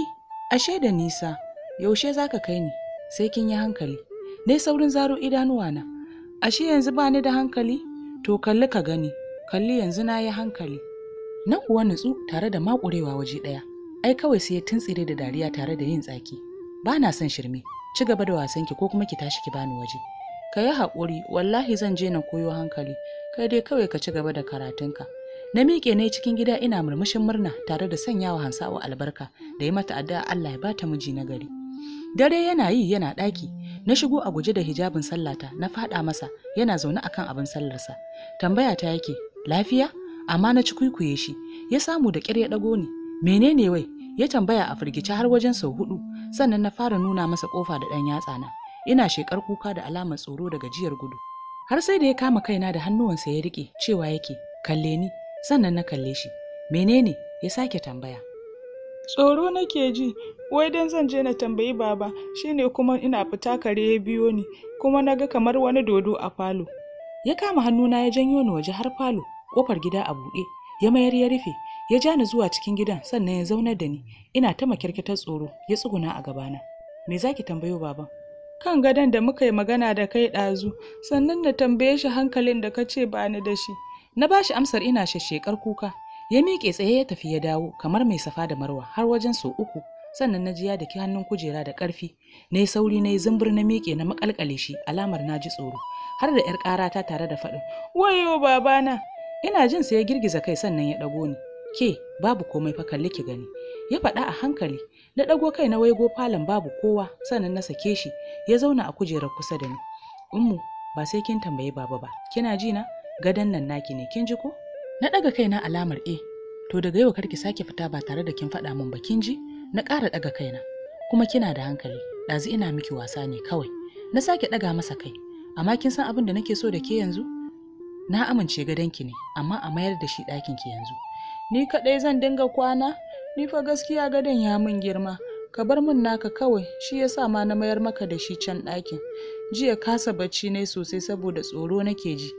ashe da nisa yaushe za ka kai ni sai kin yi hankali ne saurin zaro idanuwana ashe yanzu ba ni da hankali to kalli ka gani kalli yanzu na yi hankali na kuwa nutsu tare da makurewa waje ɗaya ai kawai sai ya tuntsire da dariya tare da yin tsaki ba na son shirme ci gaba da wasan ki ko kuma ki tashi ki bani waje ka yi haƙuri wallahi zan je na koyo hankali kai dai kawai ka ci gaba da karatunka na miƙe ne cikin gida ina murmushin murna tare da sanya wa hansa'u albarka da yi mata addu'a Allah ya bata miji na gari dare yana yi yana ɗaki na shigo a guje da hijabin sallata na faɗa masa yana zaune akan abin sallarsa tambaya ta yake lafiya amma na ci kuikuye shi ya samu da ƙyar ya ɗago ni menene wai ya tambaya a firgice har wajen sau hudu sannan na fara nuna masa kofa da ɗan yatsa na ina shekar kuka da alamar tsoro da gajiyar gudu har sai da ya kama kaina da hannuwansa ya riƙe cewa yake kalle ni sannan na kalle shi menene ya sake tambaya tsoro nake ji wai dan zan je na tambayi baba shine kuma ina fita kare ya biyo ni kuma na ga kamar wani dodo a falo ya kama hannuna ya janyo ni waje har falo kofar gida a buɗe ya mayar ya rufe ya ja ni zuwa cikin gidan sannan ya zauna da ni ina ta makirkita tsoro ya tsuguna a gabana me zaki tambayo baban kan gadon da muka yi magana da kai ɗazu sannan na tambaye shi hankalin da ka ce ba ni da shi na ba shi amsar ina shasshekar kuka ya miƙe tsaye ya tafi ya dawo kamar mai safa da marwa har wajen sau uku sannan na jiya da hannun kujera da ƙarfi na yi sauri na yi zumbur na miƙe na maƙalƙale shi alamar na ji tsoro har da 'yar ƙarata tare da faɗin wayo babana ina jin sai ya girgiza kai sannan ya ɗago ni ke babu komai fa kalli ki gani ya faɗa a hankali na ɗago kai na waigo falon babu kowa sannan na sake shi ya zauna a kujerar kusa da ni ummu ba sai kin tambayi baba ba kina ji na gadan nan naki ne kin ji ko na ɗaga kaina alamar e to daga yau karki sake fita ba tare da kin faɗa mun ba kin ji na ƙara ɗaga kaina kuma kina da hankali ɗazu ina miki wasa ne kawai na sake ɗaga masa kai amma kin san abin da nake so da ke yanzu na amince ki ne amma a mayar da shi ɗakinki yanzu ni kaɗai zan dinga kwana ni fa gaskiya gadon ya min girma ka bar min naka kawai shi ya sa ma na mayar maka da shi can ɗakin jiya kasa bacci ne sosai saboda tsoro nake ji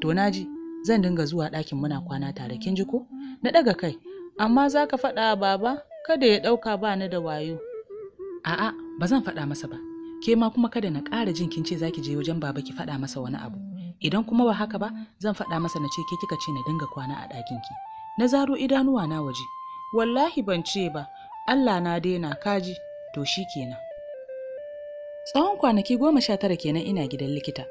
to na ji zan dinga zuwa ɗakin muna kwana tare kin ji ko na ɗaga kai amma za ka faɗa a baba kada ya ɗauka ba ni da wayo a'a ba zan faɗa masa ba ke ma kuma kada na ƙara jin kin ce za ki je wajen baba ki faɗa masa wani abu idan kuma ba haka ba zan faɗa masa na ce ke kika ce na dinga kwana a ɗakin ki na zaro idanuwa na waje wallahi ban ce ba allah na daina kaji to shi kenan tsawon kwanaki goma sha tara kenan ina gidan likita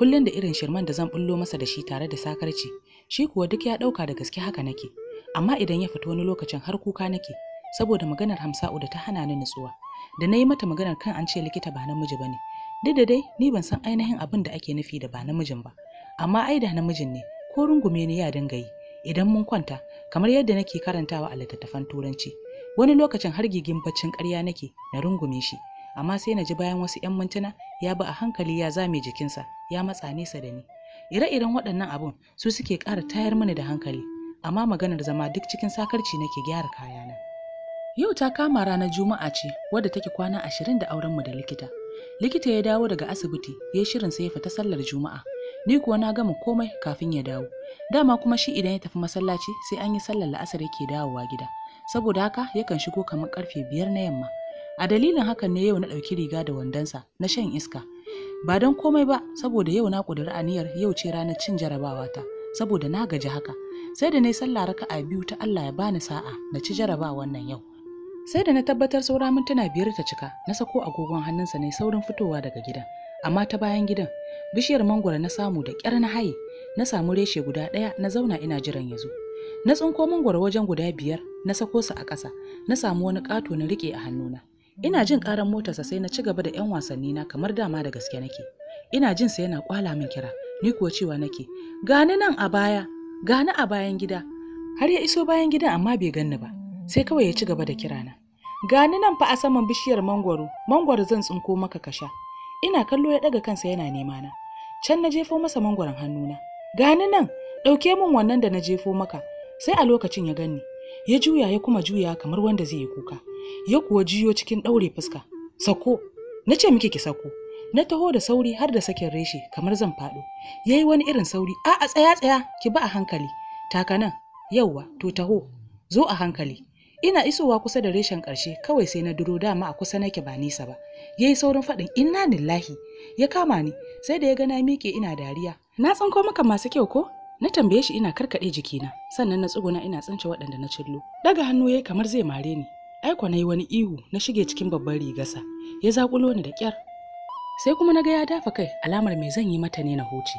kullum da irin shirman da zan bullo masa da shi tare da sakarci shi kuwa duk ya ɗauka da gaske haka nake amma idan ya fito wani lokacin har kuka nake saboda maganar hamsa'u da ta hana ni nutsuwa da na yi mata maganar kan an ce likita ba namiji ba ne duk da dai ni ban san ainihin abin da ake nufi da ba namijin ba amma ai da namijin ne ko rungume ne ya dinga yi idan mun kwanta kamar yadda nake karantawa a littattafan turanci wani lokacin har gigin baccin ƙarya nake na rungume shi amma sai na ji bayan wasu 'yan mintuna ya bi a hankali ya zame jikinsa ya matsa nesa da ni ire-iren waɗannan abun su suke ƙara tayar mini da hankali amma maganar zama duk cikin sakarci nake gyara kayana yau ta kama ranar juma'a ce wadda take kwana ashirin da aurenmu da likita likita ya dawo daga asibiti ya shirin sai ya fita sallar juma'a ni kuwa na gama komai kafin ya dawo dama kuma shi idan ya tafi masallaci sai an yi sallar la'asar yake dawowa gida saboda haka yakan shigo kamar karfe biyar na yamma a dalilin hakan ne yau na ɗauki riga da wandonsa na shan iska ba don komai ba saboda yau na ƙudiri aniyar yau ce ranar cin jarabawa ta saboda na gaji haka sai da na yi sallah raka'a biyu ta Allah ya bani sa'a na ci jaraba wannan yau sai da na tabbatar saura mintuna biyar ta cika na sako agogon hannunsa ne saurin fitowa daga gidan amma ta bayan gidan bishiyar mangwara na samu da ƙyar na haye na samu reshe guda ɗaya na zauna ina jiran ya zo na tsinko mangwara wajen guda biyar na sako su a ƙasa na samu wani ƙato na riƙe a hannuna ina jin ƙaran motarsa sai na ci gaba da 'yan wasanni na kamar dama da gaske nake ina jin sa yana kwala min kira ni kuwa cewa nake gani nan a baya gani a bayan gida har ya iso bayan gida amma bai ganni ba sai kawai ya ci gaba da kirana gani nan fa a saman bishiyar mangwaro mangwaro zan tsinko maka ka sha ina kallo ya daga kansa yana nema na can na jefo masa mangwaron hannuna gani nan ɗauke min wannan da na jefo maka sai a lokacin ya gani ya juya ya kuma juya kamar wanda zai yi kuka ya kuwa jiyo cikin ɗaure fuska sako na ce miki ki sako na taho da sauri har da sakin reshe kamar zan faɗo ya yi wani irin sauri a a tsaya tsaya ki ba a hankali taka nan yauwa to taho zo a hankali ina isowa kusa da reshen ƙarshe kawai sai na duro dama a kusa nake ba nisa ba ya yi saurin faɗin inna nillahi?' ya kama ni sai da ya ga na miƙe ina dariya na tsinko maka masu kyau ko na tambaye shi ina karkaɗe jikina sannan na tsuguna ina tsince waɗanda na cillo daga hannu yayi kamar zai mare ni aiko na yi wani ihu na shige cikin babban rigasa. ya zakulo ni da kyar. sai kuma na ga ya dafa kai alamar mai zan yi mata ne na huce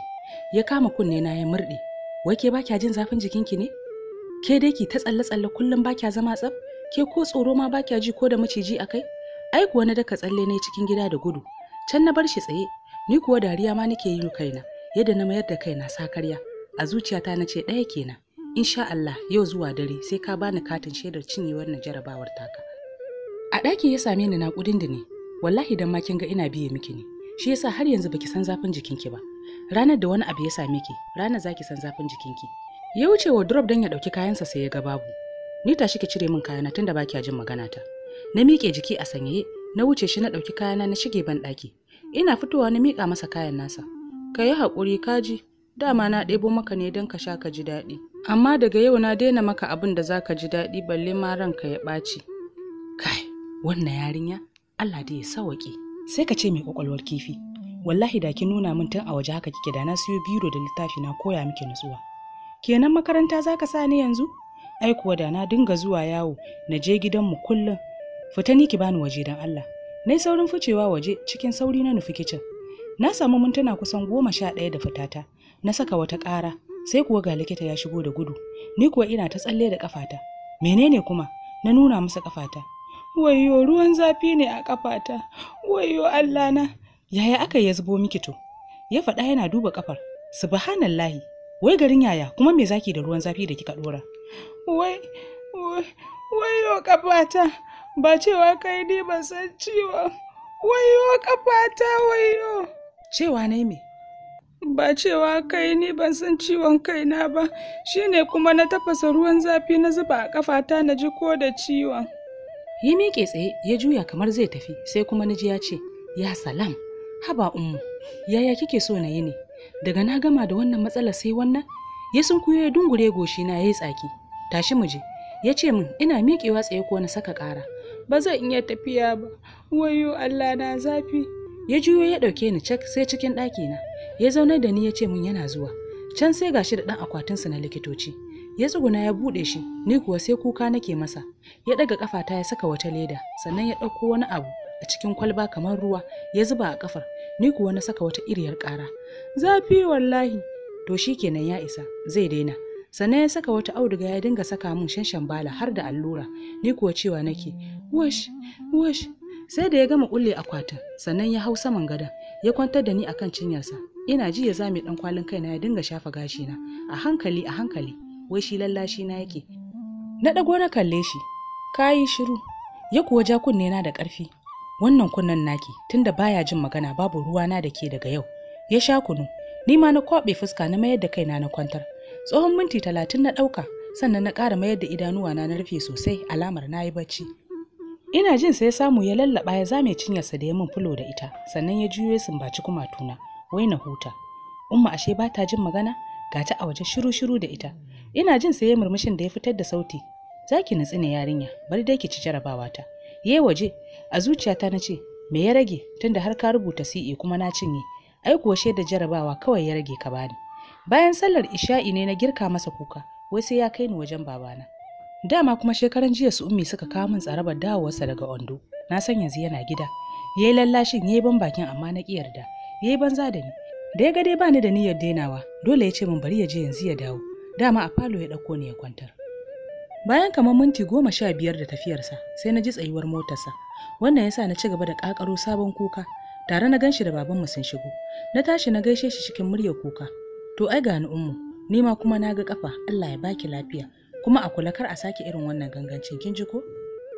ya kama kunne na ya murɗe wai ke ba jin zafin jikinki ne ke dai ki ta tsalle-tsalle kullum ba kya zama tsaf ke ko tsoro ma ba kya ji ko da maciji a kai ai kuwa na daka tsalle ne cikin gida da gudu can na bar shi tsaye ni kuwa dariya ma nake yi kaina yadda na mayar da kaina sakarya a zuciyata na ce ɗaya kenan insha Allah yau zuwa dare sai ka bani katin shaidar cinyewar na jarabawar taka a ɗakin ya same ni naƙudin da ne wallahi dan ma kin ga ina biye miki ne shi yasa har yanzu baki san zafin jikinki ba ranar da wani abu ya same ki ranar zaki san zafin jikinki ya wuce wa drop don ya ɗauki kayansa sai ya ga babu ni tashi ki cire min kayana tunda baki jin magana ta na miƙe jiki a sanyaye na wuce shi na ɗauki kayana na shige ban ɗaki ina fitowa na miƙa masa kayan nasa ka yi haƙuri kaji dama na ɗebo maka ne don ka sha ka ji daɗi amma daga yau na daina maka abin da za ka ji daɗi balle ma ranka ya ɓaci kai wannan yarinya allah da ya sawaƙe sai ka ce mai ƙwaƙwalwar kifi wallahi da ki nuna min tun a waje haka kike da na siyo biro da littafi na koya miki nutsuwa kenan makaranta za ka sa ni yanzu ai kuwa da na dinga zuwa yawo na je gidanmu kullum fita ni ki bani waje dan allah na yi saurin ficewa waje cikin sauri na nufi kicin na samu mintuna kusan goma sha ɗaya da fitata na saka wata ƙara sai kuwa ga likita ya shigo da gudu ni kuwa ina ta tsalle da ƙafata menene kuma na nuna masa ƙafata wayo ruwan zafi ne a ƙafata wayo allah na yaya aka ya zubo miki to ya faɗa yana duba ƙafar subhanallahi wai garin yaya kuma me zaki da ruwan zafi da kika dora wai wai yo kafata ba cewa kai ne ban san ciwo yo kafata yo cewa ne me ba cewa kai ni ban san ciwon kaina ba shine kuma na tafasa ruwan zafi na zuba a kafata na ji ko da ciwon ya miƙe tsaye ya juya kamar zai tafi sai kuma na ji ya ce ya salam haba ummu yaya kike so na yi ne daga na gama da wannan matsalar sai wannan ya sun kuyo ya dungure goshi na ya yi tsaki tashi muje je ya ce min ina miƙewa tsaye ko na saka ƙara ba zan iya tafiya ba wayo allah na zafi ya juyo ya ɗauke ni cak sai cikin ɗaki na ya zaunar da ni ya ce min yana zuwa can sai gashi da ɗan akwatinsa na likitoci ya tsuguna ya buɗe shi ni kuwa sai kuka nake masa ya ɗaga ƙafata ya saka wata leda sannan ya ɗauko wani abu a cikin kwalba kamar ruwa ya zuba a ƙafar ni kuwa na saka wata iriyar ƙara zafi wallahi to shi kenan ya isa zai daina sannan ya saka wata auduga ya dinga saka min shanshan bala har da allura ni kuwa cewa nake wash wash sai da ya gama kulle akwatin sannan ya hau saman gadon ya kwantar da ni akan cinyarsa ina ji ya zame dan kwalin kaina ya dinga shafa gashina a hankali a hankali wai shi lallashi na yake na dago na kalle shi kayi shiru ya kuwa ja kunne na da karfi wannan kunnen naki tunda baya jin magana babu ruwana da ke daga yau ya sha kunu ni ma na kwaɓe fuska na mayar da kaina na kwantar tsohon minti talatin na ɗauka sannan na ƙara mayar da idanuwa na na rufe sosai alamar na yi bacci ina jin sai samu ya lallaɓa ya zame cinyarsa da ya min fulo da ita sannan ya juyo ya sumbaci kumatuna wai na huta umma ashe ba ta jin magana ga ta a waje shiru-shiru da ita ina jin sai ya murmushin da ya fitar da sauti zaki na ne yarinya bari dai ki ci jarabawa ta ye waje a zuciyata na ce me ya rage tunda har ka rubuta CE kuma na cinye ai kuwa shaidar jarabawa kawai ya rage ka bani bayan sallar isha'i ne na girka masa kuka wai sai ya kai ni wajen babana dama kuma shekaran jiya su ummi suka kawo min tsarabar dawowarsa daga ondo na san yanzu yana gida ya yi lallashin ya ban bakin amma na ƙi yarda ya banza da ni da ya ga dai bani da niyyar dainawa dole ya ce min bari ya je yanzu ya dawo dama a falo ya ɗauko ni ya kwantar bayan kamar minti goma sha biyar da tafiyarsa sai na ji tsayuwar motarsa wannan yasa na ci gaba da ƙaƙaro sabon kuka tare na ganshi da baban mu sun shigo na tashi na gaishe shi cikin muryar kuka to ai ga ni ummu ni ma kuma na ga kafa Allah ya baki lafiya kuma a kula kar a sake irin wannan gangancin kin ji ko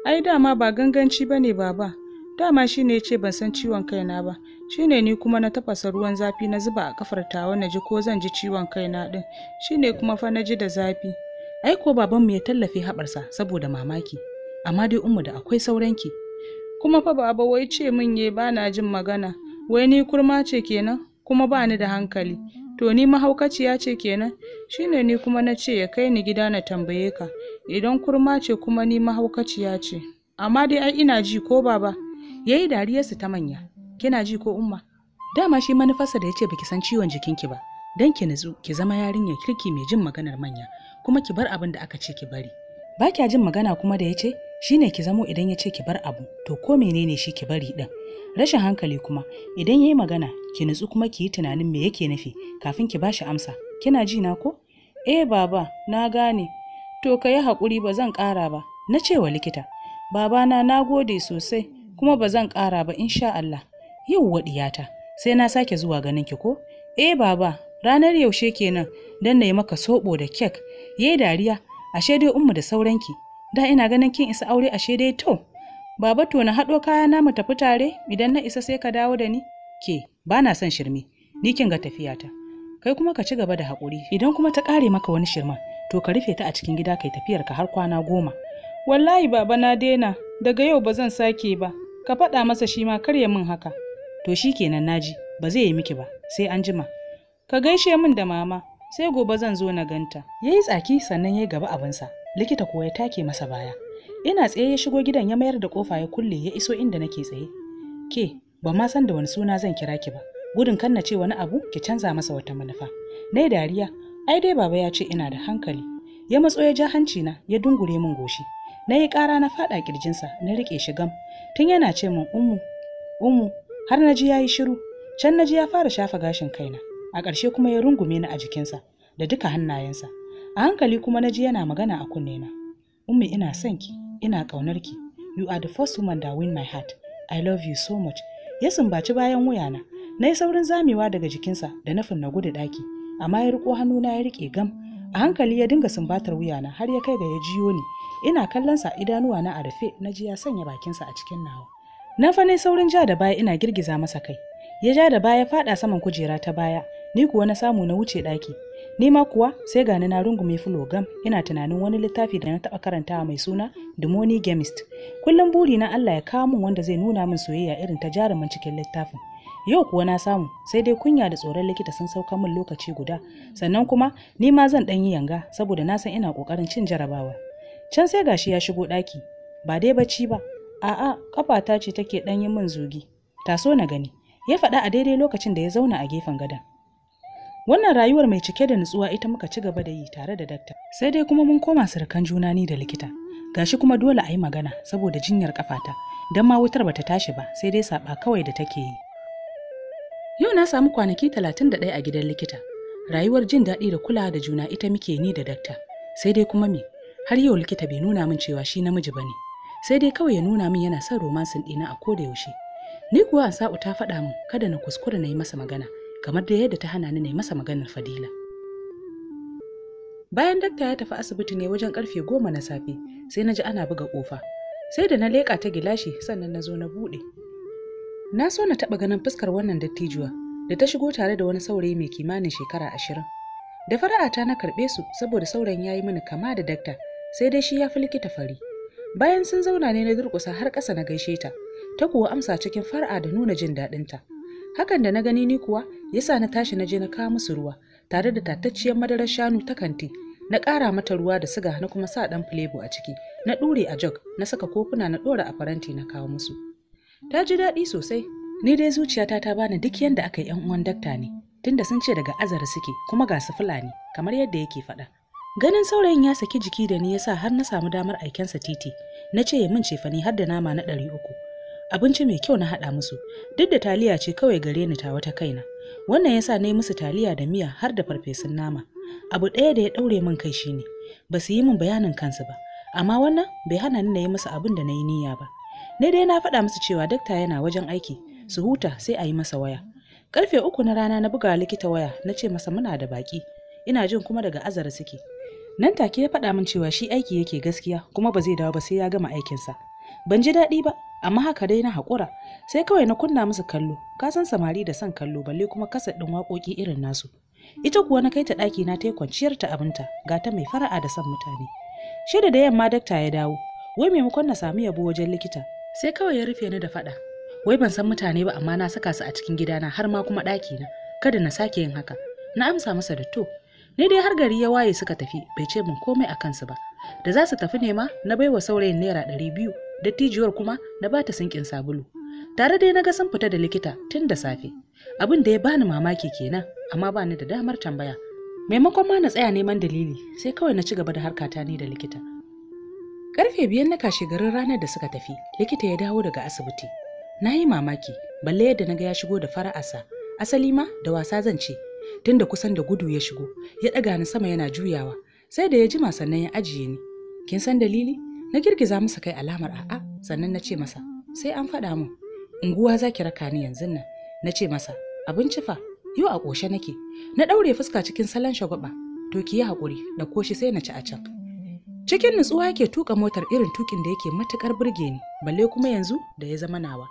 ai dama ba ganganci bane baba dama shine yace ban san ciwon kaina ba shine ni kuma na tafasa ruwan zafi na zuba a kafar tawa na ji ko zan ji ciwon kaina din shine kuma fa na ji da zafi Aiko babanmu ya tallafe haɓarsa saboda mamaki, amma dai umu da akwai sauranki. Kuma fa baba wai ce min ye ba na jin magana, wai ni kurma ce kenan kuma ba ni da hankali. To ni mahaukaciya ce kenan, shine ni kuma na ce ya kai ni gida na tambaye ka, idan kurma ce kuma ni mahaukaciya ce. Amma dai ai ina ji ko baba, yayi dariyarsu ta manya, kina ji ko umma? Dama shi manufarsa da yace baki san ciwon jikinki ba. don ki nutsu ki zama yarinya kirki mai jin maganar manya kuma ki bar abin da aka ce ki bari ba kya jin magana kuma da ya ce shine ki zamo idan ya ce ki bar abu to ko menene shi ki bari din rashin hankali kuma idan ya yi magana ki nutsu kuma ki yi tunanin me yake nufi kafin ki bashi amsa kina ji na ko eh baba na gane to ka yi haƙuri ba zan ƙara ba na ce wa likita babana na gode sosai kuma ba zan ƙara ba insha Allah yau waɗiyata sai na sake zuwa ganin ki ko eh baba ranar yaushe kenan don na yi maka soɓo da kek yayi dariya ashe dai "Umu da sauranki da ina ganin kin isa aure ashe dai to baba to na haɗo kayana mu tafi tare idan na isa sai ka dawo da ni ke ba na son shirme ni kin ga tafiyata kai kuma ka ci gaba da haƙuri idan kuma ta ƙare maka wani shirma, to ka rufe ta a cikin gida kai tafiyar ka har kwana goma wallahi baba na daina daga yau ba zan sake ba ka faɗa masa shi ma karya min haka to shi kenan naji ba zai yi miki ba sai an jima ka gaishe min da mama sai gobe zan zo na ganta ya yi tsaki sannan ya yi gaba abinsa likita kuwa ya take masa baya ina tsaye ya shigo gidan ya mayar da kofa ya kulle ya iso inda nake tsaye ke ba ma san da wani suna zan kira ki ba gudun kan na ce wani abu ki canza masa wata manufa na dariya ai dai baba ya ce ina da hankali ya matso ya ja hanci na ya dungure min goshi na yi ƙara na faɗa kirjinsa na rike shi gam tun yana ce min ummu ummu har na ji ya yi shiru can na ji ya fara shafa gashin kaina a ƙarshe kuma ya rungume ni a jikinsa da duka hannayensa a hankali kuma na ji yana magana a kunnena ummi ina son ki ina ƙaunar ki you are the first woman that win my heart i love you so much ya sumbaci bayan wuyana na yi saurin zamewa daga jikinsa da nufin na gudu ɗaki amma ya riƙo hannuna ya riƙe gam a hankali ya dinga sumbatar wuyana har ya kai ga ya jiyo ni ina kallonsa idanuwa na a rufe na ji ya sanya bakinsa a cikin nawa na fa saurin ja da baya ina girgiza masa kai ya ja da baya faɗa saman kujera ta baya ni kuwa na samu na wuce ɗaki ni ma kuwa sai gani na rungume gam, ina tunanin wani littafi da na taɓa karantawa mai suna the money Gamist. kullum buri na allah ya kawo min wanda zai nuna min soyayya irin ta jarumin cikin littafin yau kuwa na samu sai dai kunya da tsoron likita sun sauka min lokaci guda sannan kuma ni ma zan ɗan yi yanga saboda na san ina ƙoƙarin cin jarabawa can sai gashi ya shigo ɗaki ba dai bacci ba a'a ƙafata ce take ɗan yi min zugi taso na gani ya faɗa a daidai lokacin da ya zauna a gefen gadon Wannan rayuwar mai cike da nutsuwa ita muka ci gaba da yi tare da dakta. Sai dai kuma mun koma surukan juna ni da likita. Gashi kuma dole a yi magana saboda jinyar kafata. Don ma wutar bata tashi ba, sai dai saba kawai da take yi. Yau na samu kwanaki talatin da ɗaya a gidan likita. Rayuwar jin daɗi da kulawa da juna ita muke ni da dakta. Sai dai kuma me? Har yau likita bai nuna min cewa shi namiji ba ne. Sai dai kawai ya nuna min yana son romansin ɗina a koda yaushe. Ni kuwa an sa'u ta faɗa min kada na kuskura na yi masa magana. kamar da yadda ta hana ni ne masa maganar fadila bayan dakta ya tafi asibiti ne wajen karfe goma na safe sai na ji ana buga kofa sai da na leƙa ta gilashi sannan na zo na buɗe na so na taɓa ganin fuskar wannan dattijuwa da ta shigo tare da wani saurayi mai kimanin shekara ashirin da fara'ata na karɓe su saboda sauran ya yi mini kama da dakta sai dai shi ya fi likita fari bayan sun zauna ne na durƙusa har ƙasa na gaishe ta ta kuwa amsa cikin fara'a da nuna jin daɗinta hakan da na gani ni kuwa yasa na tashi na je na kawo musu ruwa tare da tatacciyar madarar shanu ta kanti na kara mata ruwa da siga na kuma sa ɗan filebo a ciki na ɗure a jog na saka kofuna na ɗora a faranti na kawo musu ta ji daɗi sosai ni dai zuciyata ta bani duk yadda aka yi 'yan uwan dakta ne tunda sun ce daga azara suke kuma ga su fulani kamar yadda yake faɗa ganin saurayin ya saki jiki da ni yasa har na samu damar aikensa titi na ce ya min cefani har da nama na ɗari uku abinci mai kyau na haɗa musu duk da taliya ce kawai gare ni ta wata kaina wannan ya sa na yi musu taliya da miya har da farfesun nama abu ɗaya da ya ɗaure min kai shine ba su yi min bayanin kansu ba amma wannan bai hana ni na yi musu abin da na yi niyya ba ne dai na faɗa musu cewa dakta yana wajen aiki su huta sai a yi masa waya karfe uku na rana na buga likita waya na ce masa muna da baki ina jin kuma daga azara suke nan take ya faɗa min cewa shi aiki yake gaskiya kuma ba zai dawo ba sai ya gama aikinsa ban ji daɗi ba amma haka dai na haƙura sai kawai na kunna musu kallo ka san samari da son kallo balle kuma kasa ɗin waƙoƙi irin nasu ita kuwa na kai ta ɗaki na ta kwanciyar ta abinta ga ta mai fara'a da son mutane shida da yamma dakta ya dawo wai maimakon na sami yabo wajen likita sai kawai ya rufe ni da faɗa wai ban san mutane ba amma na saka su a cikin gidana har ma kuma ɗaki na kada na sake yin haka na amsa masa da to ni dai har gari ya waye suka tafi bai ce min komai a kansu ba da za su tafi ne ma na baiwa saurayin naira ɗari biyu dattijuwar kuma na ta sinkin sabulu tare dai naga sun fita da likita tun da safe abin da ya bani mamaki kenan amma bani da damar tambaya maimakon ma na tsaya neman dalili sai kawai na ci gaba da harkata ni da likita karfe biyar na kashe garin ranar da suka tafi likita ya dawo daga asibiti na yi mamaki balle yadda na ga ya shigo da fara'asa asali ma da wasa zan ce tun da kusan da gudu ya shigo ya ɗaga ni sama yana juyawa sai da ya jima sannan ya ajiye ni kin san dalili na girgiza masa kai alamar a'a sannan na ce masa sai an faɗa mu unguwa za ki raka ni yanzu nan na ce masa abinci cifa? yau a ƙoshe nake na ɗaure fuska cikin salon shagwaba to ki yi haƙuri da koshi sai na ci a can cikin nutsuwa yake tuka motar irin tukin da yake matukar burge ni balle kuma yanzu da ya zama nawa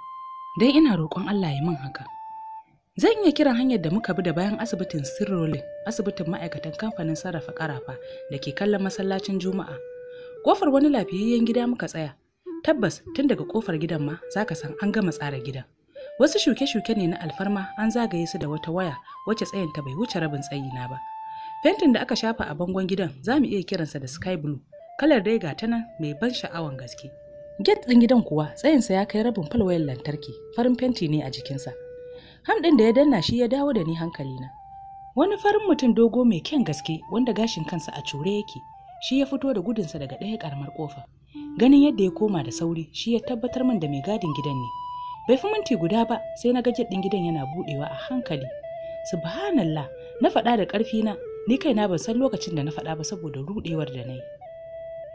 dan ina roƙon Allah ya min haka zan iya kiran hanyar da muka bi da bayan asibitin sirrolin asibitin ma'aikatan kamfanin sarrafa karafa da ke kallon masallacin juma'a Kofar wani lafiyayyen gida muka tsaya. Tabbas tun daga kofar gidan ma za ka san an gama tsara gidan. Wasu shuke-shuke ne na alfarma an zagaye su da wata waya wacce tsayinta bai wuce rabin tsayina ba. Fentin da aka shafa a bangon gidan za mu iya kiransa da sky blue. Kalar dai ga ta nan mai ban sha'awan gaske. Get ɗin gidan kuwa tsayinsa ya kai rabin falwayar lantarki, farin fenti ne a jikinsa. Ham ɗin da ya danna shi ya dawo da ni hankalina. Wani farin mutum dogo mai kyan gaske wanda gashin kansa a cure yake. shi ya fito da gudunsa daga ɗaya ƙaramar ƙofa ganin yadda ya koma da sauri shi ya tabbatar min da mai gadin gidan ne bai fi minti guda ba sai na gajet ɗin gidan yana buɗewa a hankali subhanallah na faɗa da ƙarfi na ni kai na ban san lokacin da na faɗa ba saboda ruɗewar da na yi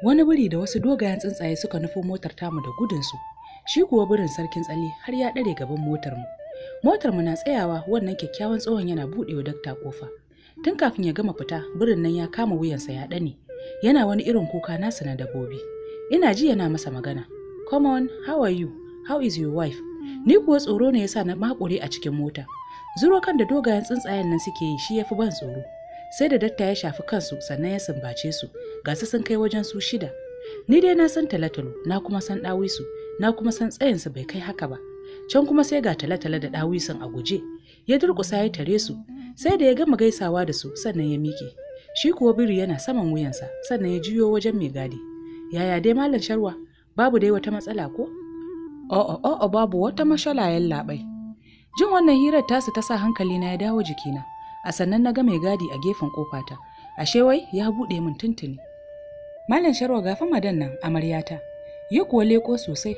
wani biri da wasu dogayen tsuntsaye suka nufo motar tamu da gudunsu shi kuwa birin sarkin tsalle har ya ɗare gaban motar mu motar mu na tsayawa wannan kyakkyawan tsohon yana buɗewa dakta kofa tun kafin ya gama fita birin nan ya kama wuyansa ya ɗane yana wani irin kuka nasa na dabbobi ina ji yana masa magana come on how are you how is your wife ni kuwa tsoro ne yasa na makure a cikin mota zuro kan da dogayen tsuntsayen nan suke yi shi yafi ban tsoro sai da datta ya shafi kansu sannan ya sumbace su ga su sun kai wajen su shida ni dai na san talatalo na kuma san dawisu na kuma san tsayinsu bai kai haka ba can kuma sai ga talatala da dawisun a guje ya durƙusa ya tare su sai da ya gama gaisawa da su sannan ya miƙe shi kuwa biri yana saman wuyansa sannan ya jiyo wajen mai gadi yaya dai malam sharwa babu dai wata matsala ko o'o oh, oh, oh, babu wata mashalayen labai jin wannan hirar tasu ta sa hankali na ya dawo jikina a sannan na ga mai gadi a gefen kofata ashe wai ya buɗe min tuntuni malam sharwa gafa madan nan amaryata Yi kuwa leko sosai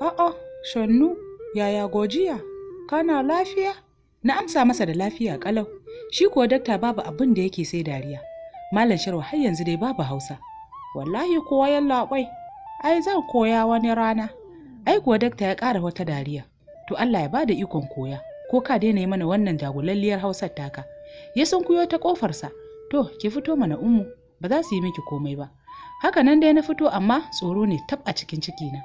o'o shannu yaya gojiya kana lafiya na amsa masa da lafiya kalau Shi kuwa dakta babu abin da yake sai dariya. Malam Sharwa har yanzu dai babu Hausa. Wallahi kowa ya laƙwai Ai zan koya wani rana. Ai kuwa dakta ya ƙara wata dariya. To Allah ya ba da ikon koya. Ko ka daina yi mana wannan jagulalliyar Hausar taka. Ya sunkuyo ta ƙofarsa. To ki fito mana ummu. Ba za su yi miki komai ba. Haka nan dai na fito amma tsoro ne tab a cikin cikina.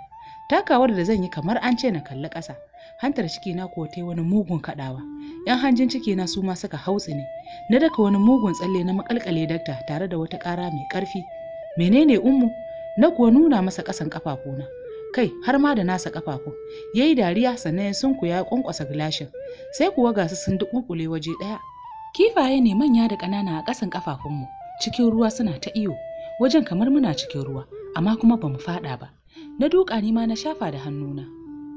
takawar da zan yi kamar an ce na kalli ƙasa hantar ciki na kuwa ta wani mugun kaɗawa yan hanjin ciki na su ma suka hautsi ne na daka wani mugun tsalle na makalkale dakta tare da wata ƙara mai ƙarfi menene ummu na kuwa nuna masa ƙasan ƙafafuna kai har ma da nasa ƙafafu ya yi dariya sannan sun ya ƙwanƙwasa gilashin sai kuwa ga su sun duƙuƙule waje ɗaya kifaye ne manya da ƙanana a ƙasan ƙafafunmu cikin ruwa suna ta iyo wajen kamar muna cikin ruwa amma kuma bamu faɗa ba na duka ni ma na shafa da hannuna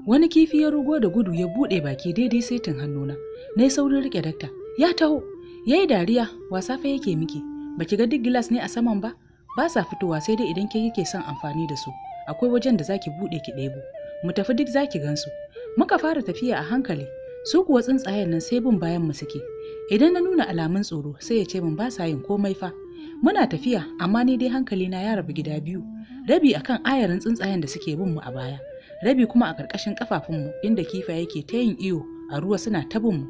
wani kifi ya rugo da gudu ya buɗe baki daidai saitin hannuna na yi saurin rike dakta ya taho ya yi dariya wasa fa yake miki baki ga duk gilas ne a saman ba ba sa fitowa sai dai idan ke kike son amfani da su akwai wajen da zaki buɗe ki ɗebo mu tafi duk zaki gansu muka fara tafiya a hankali su kuwa tsuntsayen nan sai bin bayan mu suke idan na nuna alamun tsoro sai ya ce min ba sa yin komai fa muna tafiya amma ni dai hankalina ya rabu gida biyu rabi akan ayarin tsuntsayen da suke bin mu a baya rabi kuma a ƙarƙashin ƙafafunmu inda kifa yake ta yin iyo a ruwa suna ta bin mu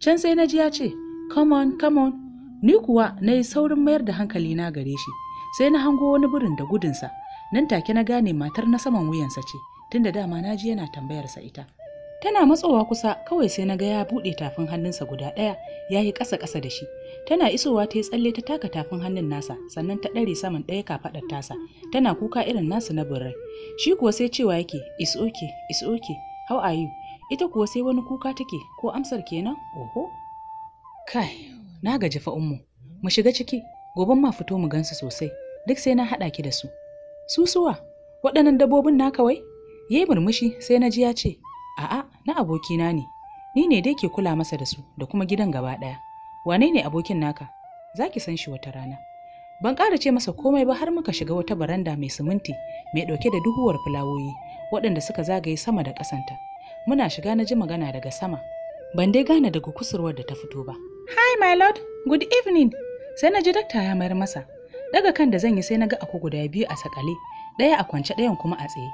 can sai na ji ya ce come on ni kuwa na yi saurin mayar da hankali na gare shi sai na hango wani burin da gudunsa nan take na gane matar na saman wuyansa ce tunda dama na ji yana tambayarsa ita tana matsowa kusa kawai sai na ga ya buɗe tafin hannunsa guda ɗaya ya yi ƙasa ƙasa da shi tana isowa ta yi tsalle ta taka tafin hannun nasa sannan ta ɗare saman ɗaya kafaɗar tasa tana kuka irin nasu na burai shi kuwa sai cewa yake is okay is okay how are you ita kuwa sai wani kuka take ko amsar kenan oho kai na gaji fa ummu mu shiga ciki goben ma fito mu gansu sosai duk sai na haɗa ki da su susuwa waɗannan dabbobin na kawai yayi murmushi sai na ji ya ce a'a na abokina ne ni ne dai ke kula masa da su da kuma gidan gaba ɗaya wane ne abokin naka za ki san shi wata rana ban ƙara ce masa komai ba har muka shiga wata baranda mai siminti mai ɗauke da duhuwar fulawoyi waɗanda suka zagaye sama da ƙasanta muna shiga na ji magana daga sama ban dai gane daga kusurwar da ta fito ba hi my lord good evening sai na ji dakta ya mayar masa daga kan da zan yi sai na ga aku guda biyu a sakale ɗaya a kwance ɗayan kuma a tsaye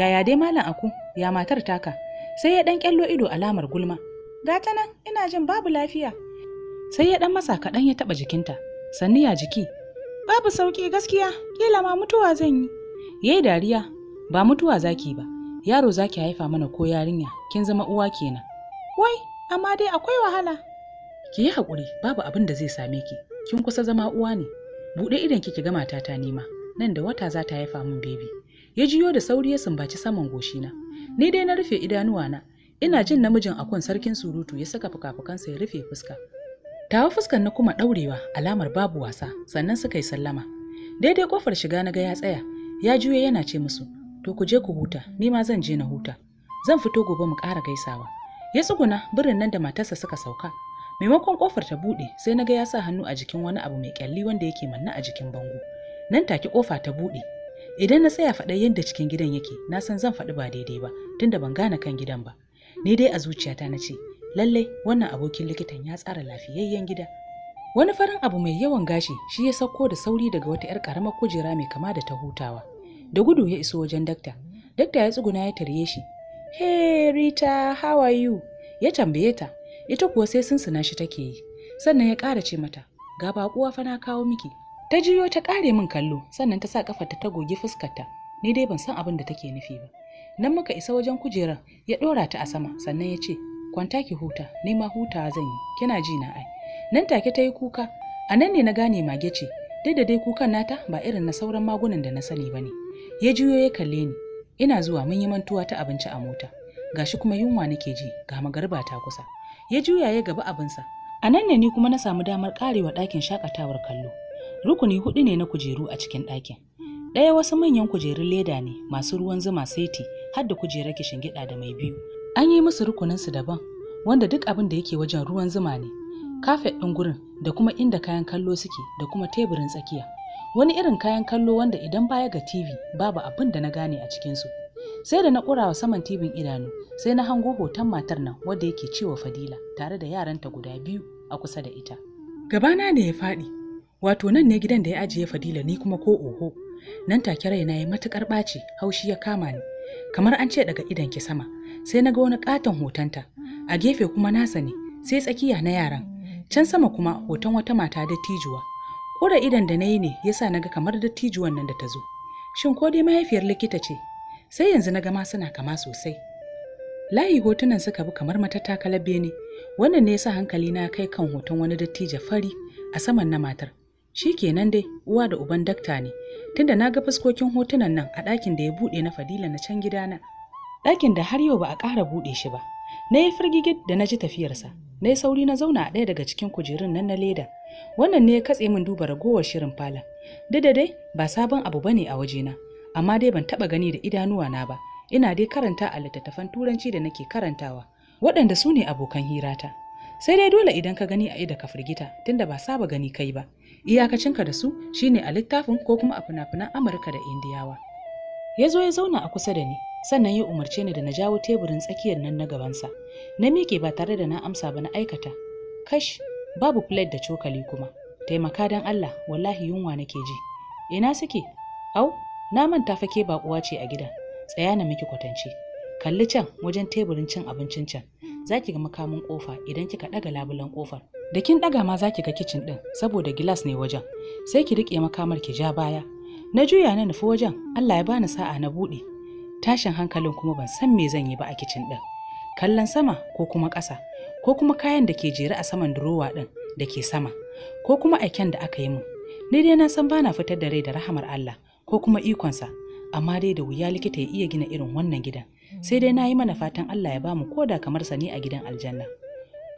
yaya dai malam aku ya matar taka sai ya ɗan ƙyallo ido alamar gulma gata nan ina jin babu lafiya sai ya ɗan masa kaɗan ya taɓa jikinta sannu ya jiki babu sauƙi gaskiya kila ma mutuwa zan yi ya dariya ba mutuwa zaki ba yaro zaki haifa mana ko yarinya kin zama uwa kenan wai amma dai akwai wahala ki yi hakuri, babu abin da zai same ki kin kusa zama uwa ne buɗe idan ki ga ta nima nan da wata za ta haifa min bebi ya jiyo da sauri ya sumbaci saman goshina ni dai na rufe idanuwa na, ina jin namijin akwai sarkin surutu ya saka fuka-fukansa ya rufe fuska tawa fuskar na kuma ɗaurewa alamar babu wasa sannan suka yi sallama daidai kofar shiga na ga ya tsaya ya juya yana ce musu to ku je ku huta ni ma zan je na huta zan fito gobe mu ƙara gaisawa ya tsuguna birin nan da matarsa suka sauka maimakon kofar ta buɗe sai na ga ya sa hannu a jikin wani abu mai kyalli wanda yake manna a jikin bango nan take kofa ta buɗe idan na tsaya faɗa yadda cikin gidan yake na san zan faɗi ba daidai ba tunda ban gane kan gidan ba ni dai a zuciyata na ce lallai wannan abokin likitan ya tsara lafiyayyen gida wani farin abu mai yawan gashi shi ya sauko da sauri daga wata 'yar karamar kujera mai kama da ta hutawa da gudu ya iso wajen dakta dakta ya tsuguna ya tarye shi hey rita how are you ya tambaye ta ita kuwa sai sun sunsuna shi take yi sannan ya ƙara ce mata ga baƙuwa fa na kawo miki ta jiyo ta ƙare min kallo sannan ta sa kafarta ta gogi fuskarta ni dai ban san abin da take nufi ba nan muka isa wajen kujerar ya ɗora ta a sama sannan ya ce kwanta ki huta ni ma huta zan yi kina ji na ai nan take ta yi kuka a nan ne na gane mage ce duk da dai kukan nata ba irin na sauran magunan da na sani ba ne ya juyo ya kalle ni ina zuwa mun yi mantuwa ta abinci a mota gashi kuma yunwa nake ji ga magarba ta kusa ya juya ya gaba abinsa a nan ne ni kuma na samu damar karewa ɗakin shakatawar kallo rukuni hudu ne na kujeru a cikin ɗakin ɗaya wasu manyan kujerun leda ne masu ruwan zuma saiti har da kujerar kishin gida da mai biyu an yi musu rukuninsu daban wanda duk abin da yake wajen ruwan zuma ne kafet ɗin gurin da kuma inda kayan kallo suke da kuma teburin tsakiya wani irin kayan kallo wanda idan baya ga tv babu abin da na gane a cikinsu sai da na ƙurawa saman tibin idanu sai na hango hoton matar nan wadda yake cewa fadila tare da yaranta guda biyu a kusa da ita gabana ne ya faɗi wato nan ne gidan da ya ajiye fadila ni kuma ko oho nan take raina ya matukar ɓaci haushi ya kama ni kamar an ce daga idan ki sama sai na ga wani katon hotonta a gefe kuma nasa ne sai tsakiya na yaran can sama kuma hoton wata mata dattijuwa ƙura idan da na yi ne ya sa na ga kamar dattijuwan nan da ta zo shin ko dai mahaifiyar likita ce sai yanzu na gama suna kama sosai layi hotunan suka bi kamar matattakalar bene wannan ne yasa hankali na kai kan hoton wani dattijo fari a saman na matar Shi kenan dai uwa da uban dakta ne tunda na ga fuskokin hotunan nan a ɗakin da ya buɗe na fadila na can gidana. ɗakin da har yau ba a ƙara buɗe shi ba na yi firgigid da na ji tafiyarsa na yi sauri na zauna a ɗaya daga cikin kujerun nan na leda wannan ne ya katse min duba ragowar shirin falon duk da dai ba sabon abu ba ne a wajena amma dai ban taɓa gani da idanuwana ba ina dai karanta a littattafan turanci da nake karantawa waɗanda su ne abokan hirata sai dai dole idan ka gani a ida ka firgita tunda ba saba gani kai ba iyakacinka da su shine a littafin ko kuma a fina-finan amurka da indiyawa ya zo ya zauna a kusa da ni sannan ya umarce ni da na jawo teburin tsakiyar nan na gabansa na miƙe ba tare da na amsa ba na aikata kash babu plate da cokali kuma taimaka don allah wallahi yunwa nake ji ina suke au na manta fa ke bakuwa ce a gida tsaya na miki kwatance kalli can wajen teburin cin abincin can za ki ga makamin kofa idan kika ɗaga labulan kofar da kin daga ma za ki ga kicin ɗin saboda gilas ne wajen sai ki rike makamar ki ja baya na juya na nufi wajen allah ya bani sa'a na buɗe tashin hankalin kuma ban san me zan yi ba a kicin ɗin kallon sama ko kuma ƙasa ko kuma kayan da ke jere a saman durowa ɗin da ke sama ko kuma aiken da aka yi min ni dai na san bana fitar da rai da rahamar Allah ko kuma ikonsa amma dai da wuya likita ya iya gina irin wannan gidan sai dai na yi mana fatan Allah ya bamu koda kamar sani a gidan aljanna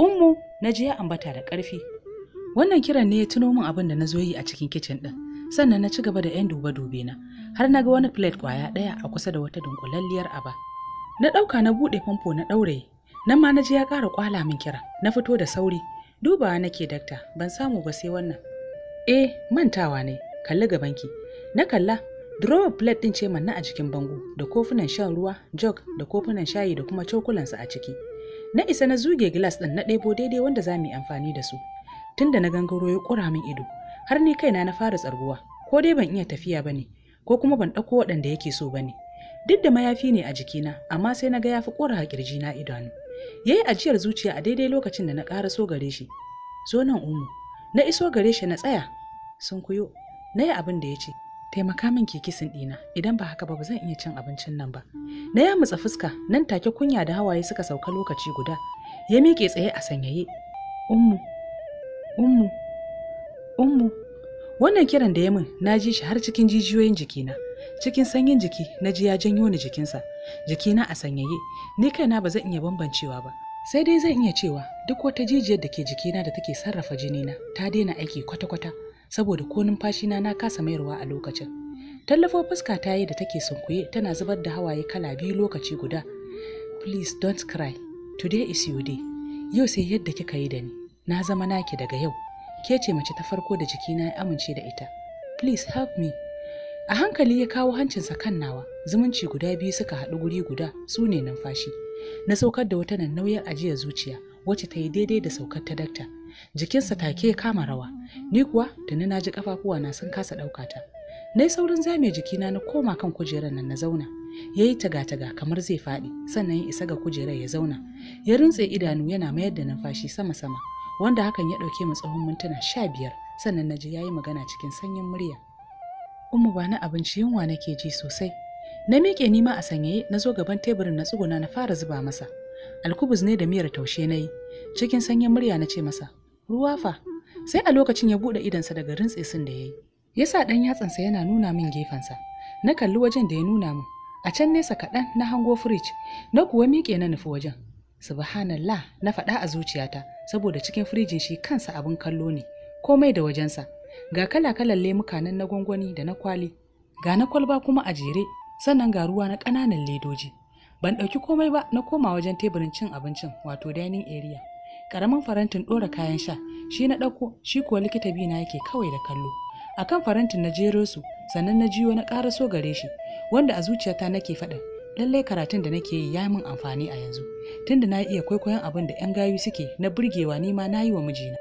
ummu na ji ya ambata da ƙarfi wannan kiran ne ya tuno min abin da na zo yi a cikin kicin ɗin sannan na ci gaba da 'yan dube-dube na har na ga wani plate kwaya ɗaya a kusa da wata dunkulalliyar aba na ɗauka na buɗe famfo na ɗaurayi. nan ma na ji ya ƙara kwala min kira na fito da sauri dubawa nake dakta ban samu ba sai wannan eh mantawa ne kalli gabanki na kalla Drawer plate ɗin ce manna a jikin bango da kofunan shan ruwa, jog da kofunan shayi da kuma cokulansa a ciki. Na isa na zuge glass ɗin na ɗebo daidai wanda za mu yi amfani da su. Tunda na gangaro ya ƙura min ido, har ni kaina na fara tsarguwa, ko dai ban iya tafiya ba ne, ko kuma ban ɗauko waɗanda yake so ba ne duk da mayafi ne a jikina amma sai na ga ya fi ƙirji na idanu ya yi ajiyar zuciya a daidai lokacin da na ƙara so gare shi zo nan umu na iso gare shi na tsaya sun kuyo na yi abin da ya ce taimaka min kikisin ɗina idan ba haka ba ba zan iya cin abincin nan ba na ya mutsa fuska nan take kunya da hawaye suka sauka lokaci guda ya miƙe tsaye a sanyaye ummu ummu ummu wannan kiran da ya min na ji shi har cikin jijiyoyin jikina cikin sanyin jiki na ji ya janyo ni jikinsa jikina a sanyaye ni kaina ba zan iya bambancewa ba sai dai zan iya cewa duk wata jijiyar da ke jikina da take sarrafa jinina ta daina aiki kwata-kwata saboda ko numfashina na kasa mayarwa a lokacin tallafo fuska ta yi da take sunkuye tana zubar da hawaye kala biyu lokaci guda please don't cry today is your day yau sai yadda kika yi da ni na zama naki daga yau ke ce mace ta farko da jikina ya amince da ita please help me a hankali ya kawo hancinsa kan nawa zumunci guda biyu suka haɗu guri guda su ne numfashi na saukar da wata nan nauyin ajiyar zuciya wacce ta yi daidai da saukar ta dakta jikinsa take ya kama rawa ni kuwa tuni na ji kafafuwa na sun kasa ɗauka ta na yi saurin zame jikina na koma kan kujerar nan na zauna ya yi taga-taga kamar zai faɗi sannan ya isa ga kujerar ya zauna ya rintse idanu yana mayar da numfashi sama-sama wanda hakan ya ɗauke mu tsawon mintuna sha biyar sannan na ji ya yi magana cikin sanyin murya. Umu ba na abinci yunwa nake ji sosai. Na miƙe ni ma a sanyaye na zo gaban teburin na tsuguna na fara zuba masa. Alkubus ne da miyar taushe na yi. Cikin sanyin murya na ce masa, ruwa fa. Sai a lokacin ya buɗe idonsa daga rintsesin da ya yi. Ya sa ɗan yatsansa yana nuna min gefensa. Na kalli wajen da ya nuna mu. A can nesa kaɗan na hango firij, na kuwa miƙe na nufi wajen. subhanallah na faɗa a zuciyata saboda cikin firijin shi kansa abin kallo ne komai da wajensa ga kala-kalan lemuka nan na gwangwani da na kwali ga na kwalba kuma a jere sannan ga ruwa na ƙananan ledoji ban ɗauki komai ba na koma wajen teburin cin abincin wato dining area ƙaramin farantin ɗora kayan sha shi na ɗauko shi kuwa likita bi na yake kawai da kallo akan farantin na jero su sannan na jiyo na ƙaraso gare shi wanda a zuciyata nake faɗin lallai karatun da nake yi ya min amfani a yanzu tunda na iya kwaikwayon abin da 'yan gayu suke na burgewa ni ma na yi wa mijina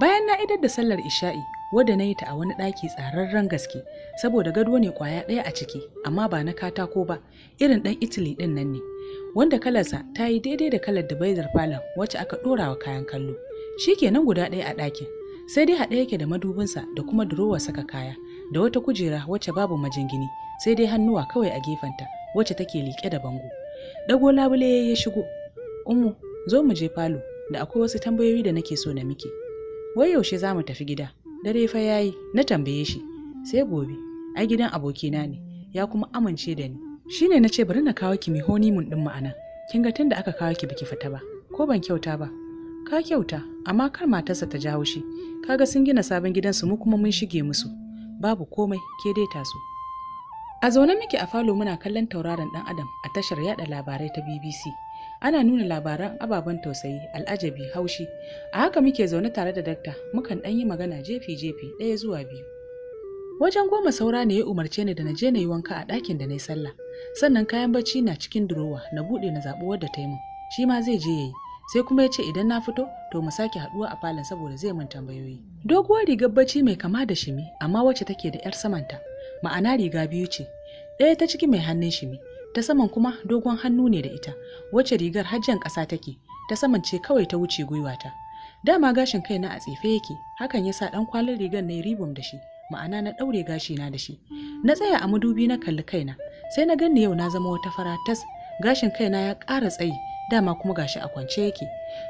bayan na idar da sallar isha'i wadda na yi ta a wani ɗaki tsararren gaske saboda gado ne kwaya ɗaya a ciki amma ba na katako ba irin ɗan italy ɗin nan ne wanda kalarsa ta yi daidai da kalar da baizar falon wacce aka ɗora wa kayan kallo shi kenan guda ɗaya a ɗakin sai dai haɗe yake da madubinsa da kuma durowar saka kaya da wata kujera wacce babu majingini sai dai hannuwa kawai a gefenta wacce take liƙe da bango dago labule ya ya shigo ummu zo mu je falo da akwai wasu tambayoyi da nake so na miki wai yaushe za mu tafi gida dare fa yayi na tambaye shi sai gobe ai gidan abokina ne ya kuma amince da ni shine na ce bari na kawo ki mi honeymoon din mu anan kin ga tunda aka kawo ki biki fita ba ko ban kyauta ba ka kyauta amma kar matarsa ta jawo shi kaga sun gina sabon gidansu mu kuma mun shige musu babu komai ke dai taso A zaune muke a falo muna kallon tauraron ɗan Adam a tashar yada labarai ta BBC. Ana nuna labaran ababen tausayi, al'ajabi, haushi. A haka muke zaune tare da dakta, mukan ɗan yi magana jefi-jefi ɗaya zuwa biyu. Wajen goma saura ne ya umarce ni da na je na yi wanka a ɗakin da na yi sallah. Sannan kayan bacci na cikin durowa na buɗe na zaɓi wadda ta yi min. Shi ma zai je ya yi. Sai kuma ya ce idan na fito to mu sake haɗuwa a falon saboda zai min tambayoyi. Doguwar rigar bacci mai kama da shimi amma wacce take da 'yar samanta. ma'ana riga biyu ce ɗaya ta ciki mai hannun shimi ta saman kuma dogon hannu ne da ita wacce rigar hajjan ƙasa take ta saman ce kawai ta wuce gwiwata dama gashin kai na a tsefe yake hakan ya sa ɗan kwalin rigar na yi ribom da shi ma'ana na ɗaure gashi na da shi na tsaya a madubi na kalli kaina sai na ganni yau na zama wata fara tas gashin kaina ya ƙara tsayi dama kuma gashi a kwance yake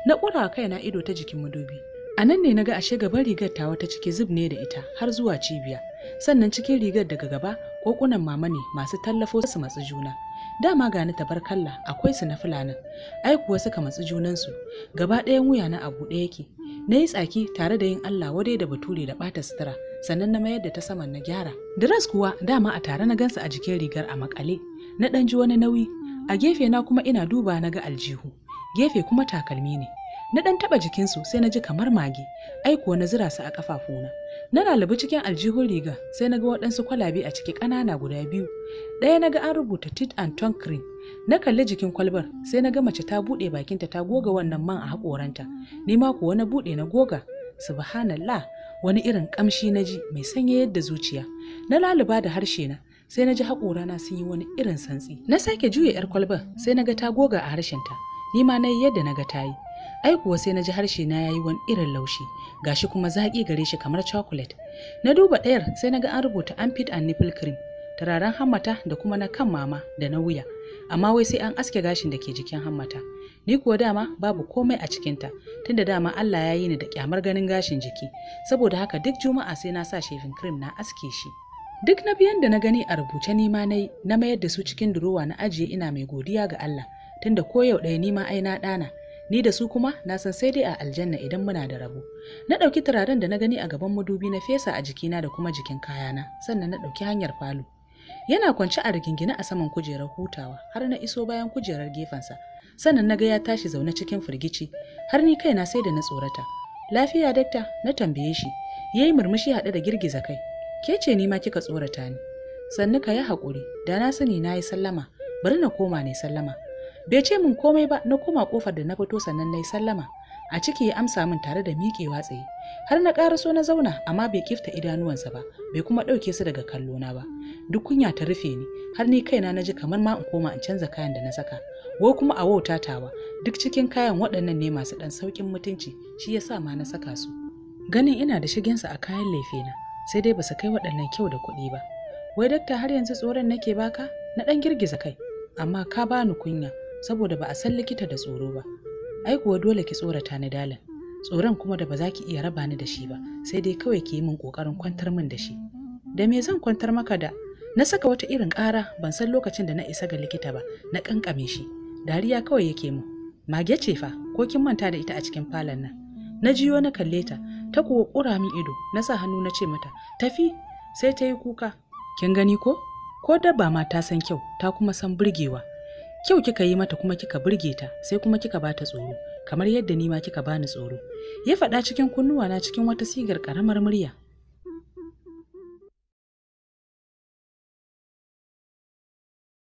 na ƙura kaina ido ta jikin madubi a nan ne na ga ashe gaban rigar ta wata ciki zub ne da ita har zuwa cibiya sannan cikin rigar daga gaba kokunan mama ne masu tallafo su matsi juna dama ga ni kalla, akwai su na fulanin ai kuwa suka matsi junansu gaba ɗayan wuya na abu ɗaya yake na yi tsaki tare da yin allah wadai da bature da ɓata sutura sannan na mayar da ta saman na gyara dress kuwa dama a tare na gansu a jikin rigar a makale na ɗan ji wani nauyi a gefe na kuma ina duba na ga aljihu gefe kuma takalmi ne na ɗan taɓa jikinsu sai na ji kamar mage ai kuwa na zira su a ƙafafuna Na lalibi cikin aljihun riga sai na ga waɗansu kwalabe a ciki ƙanana guda biyu. Ɗaya na ga an rubuta tit and tongue cream. Na kalli jikin kwalbar sai na ga mace ta buɗe bakinta ta goga wannan man a haƙoranta. Ni ma kuwa na buɗe na goga. Subhanallah wani irin ƙamshi na ji mai sanya yadda zuciya. Na laluba da harshe na sai na ji haƙorana sun yi wani irin santsi. Na sake juya 'yar kwalbar sai na ga ta goga a harshenta. Ni ma na yi yadda na ga ta yi. Ai kuwa sai na ji harshe na ya yi wani irin laushi. gashi kuma zaƙi gare shi kamar chocolate na duba ɗayar sai na ga an rubuta amfit and nipple cream turaren hammata da kuma na kan mama da na wuya amma wai sai an aske gashin da ke jikin hammata ni kuwa dama babu komai a cikinta tunda dama Allah ya yi ni da kyamar ganin gashin jiki saboda haka duk juma'a sai na sa shaving cream na aske shi duk na biyan da na gani a rubuce ni ma nayi na mayar da su cikin durowa na ajiye ina mai godiya ga Allah tunda ko yau ɗaya ni ma ai na ɗana ni da su kuma na san sai dai a aljanna idan muna da rabo na ɗauki turaren da na gani a gaban madubi na fesa a jikina da kuma jikin kayana sannan na ɗauki hanyar falo yana kwance a rigingine a saman kujerar hutawa har na iso bayan kujerar gefensa sannan na ga ya tashi zaune cikin firgici har ni kaina sai da na tsorata lafiya dakta na tambaye shi Yayi yi murmushi haɗe da girgiza kai ke ce ni ma kika tsorata ni sannu ka yi haƙuri da na sani na yi sallama bari na koma ne sallama bai ce min komai ba na koma kofar da na fito sannan na yi sallama a ciki ya amsa min tare da miƙewa tsaye har na ƙara so na zauna amma bai kifta idanuwansa ba bai kuma ɗauke su daga kallona ba duk kunya ta rufe ni har ni kaina na ji kamar ma in koma in canza kayan da na saka ko kuma a tawa duk cikin kayan waɗannan ne masu ɗan sauƙin mutunci shi ya sa ma na saka su ganin ina da shigensa a kayan lefena sai dai ba su kai waɗannan kyau da kuɗi ba wai dakta har yanzu tsoron nake baka na ɗan girgiza kai amma ka bani kunya saboda ba a san likita da tsoro ba ai kuwa dole ki tsorata ni dalin tsoron kuma da ba za ki iya raba ni da shi ba sai dai kawai ki yi min ƙoƙarin kwantar min da shi da me zan kwantar maka da na saka wata irin ƙara ban san lokacin da na isa ga likita ba na ƙankame shi dariya kawai yake mu mage ce fa ko kin manta da ita a cikin falon nan na jiyo na kalle ta ta kuwa ƙura min ido na sa hannu na ce mata tafi sai ta yi kuka kin gani ko ko dabba ma ta san kyau ta kuma san burgewa kyau kika yi mata kuma kika burge ta sai kuma kika ba ta tsoro kamar yadda ni ma kika bani tsoro ya faɗa cikin kunnuwa na cikin wata sigar ƙaramar murya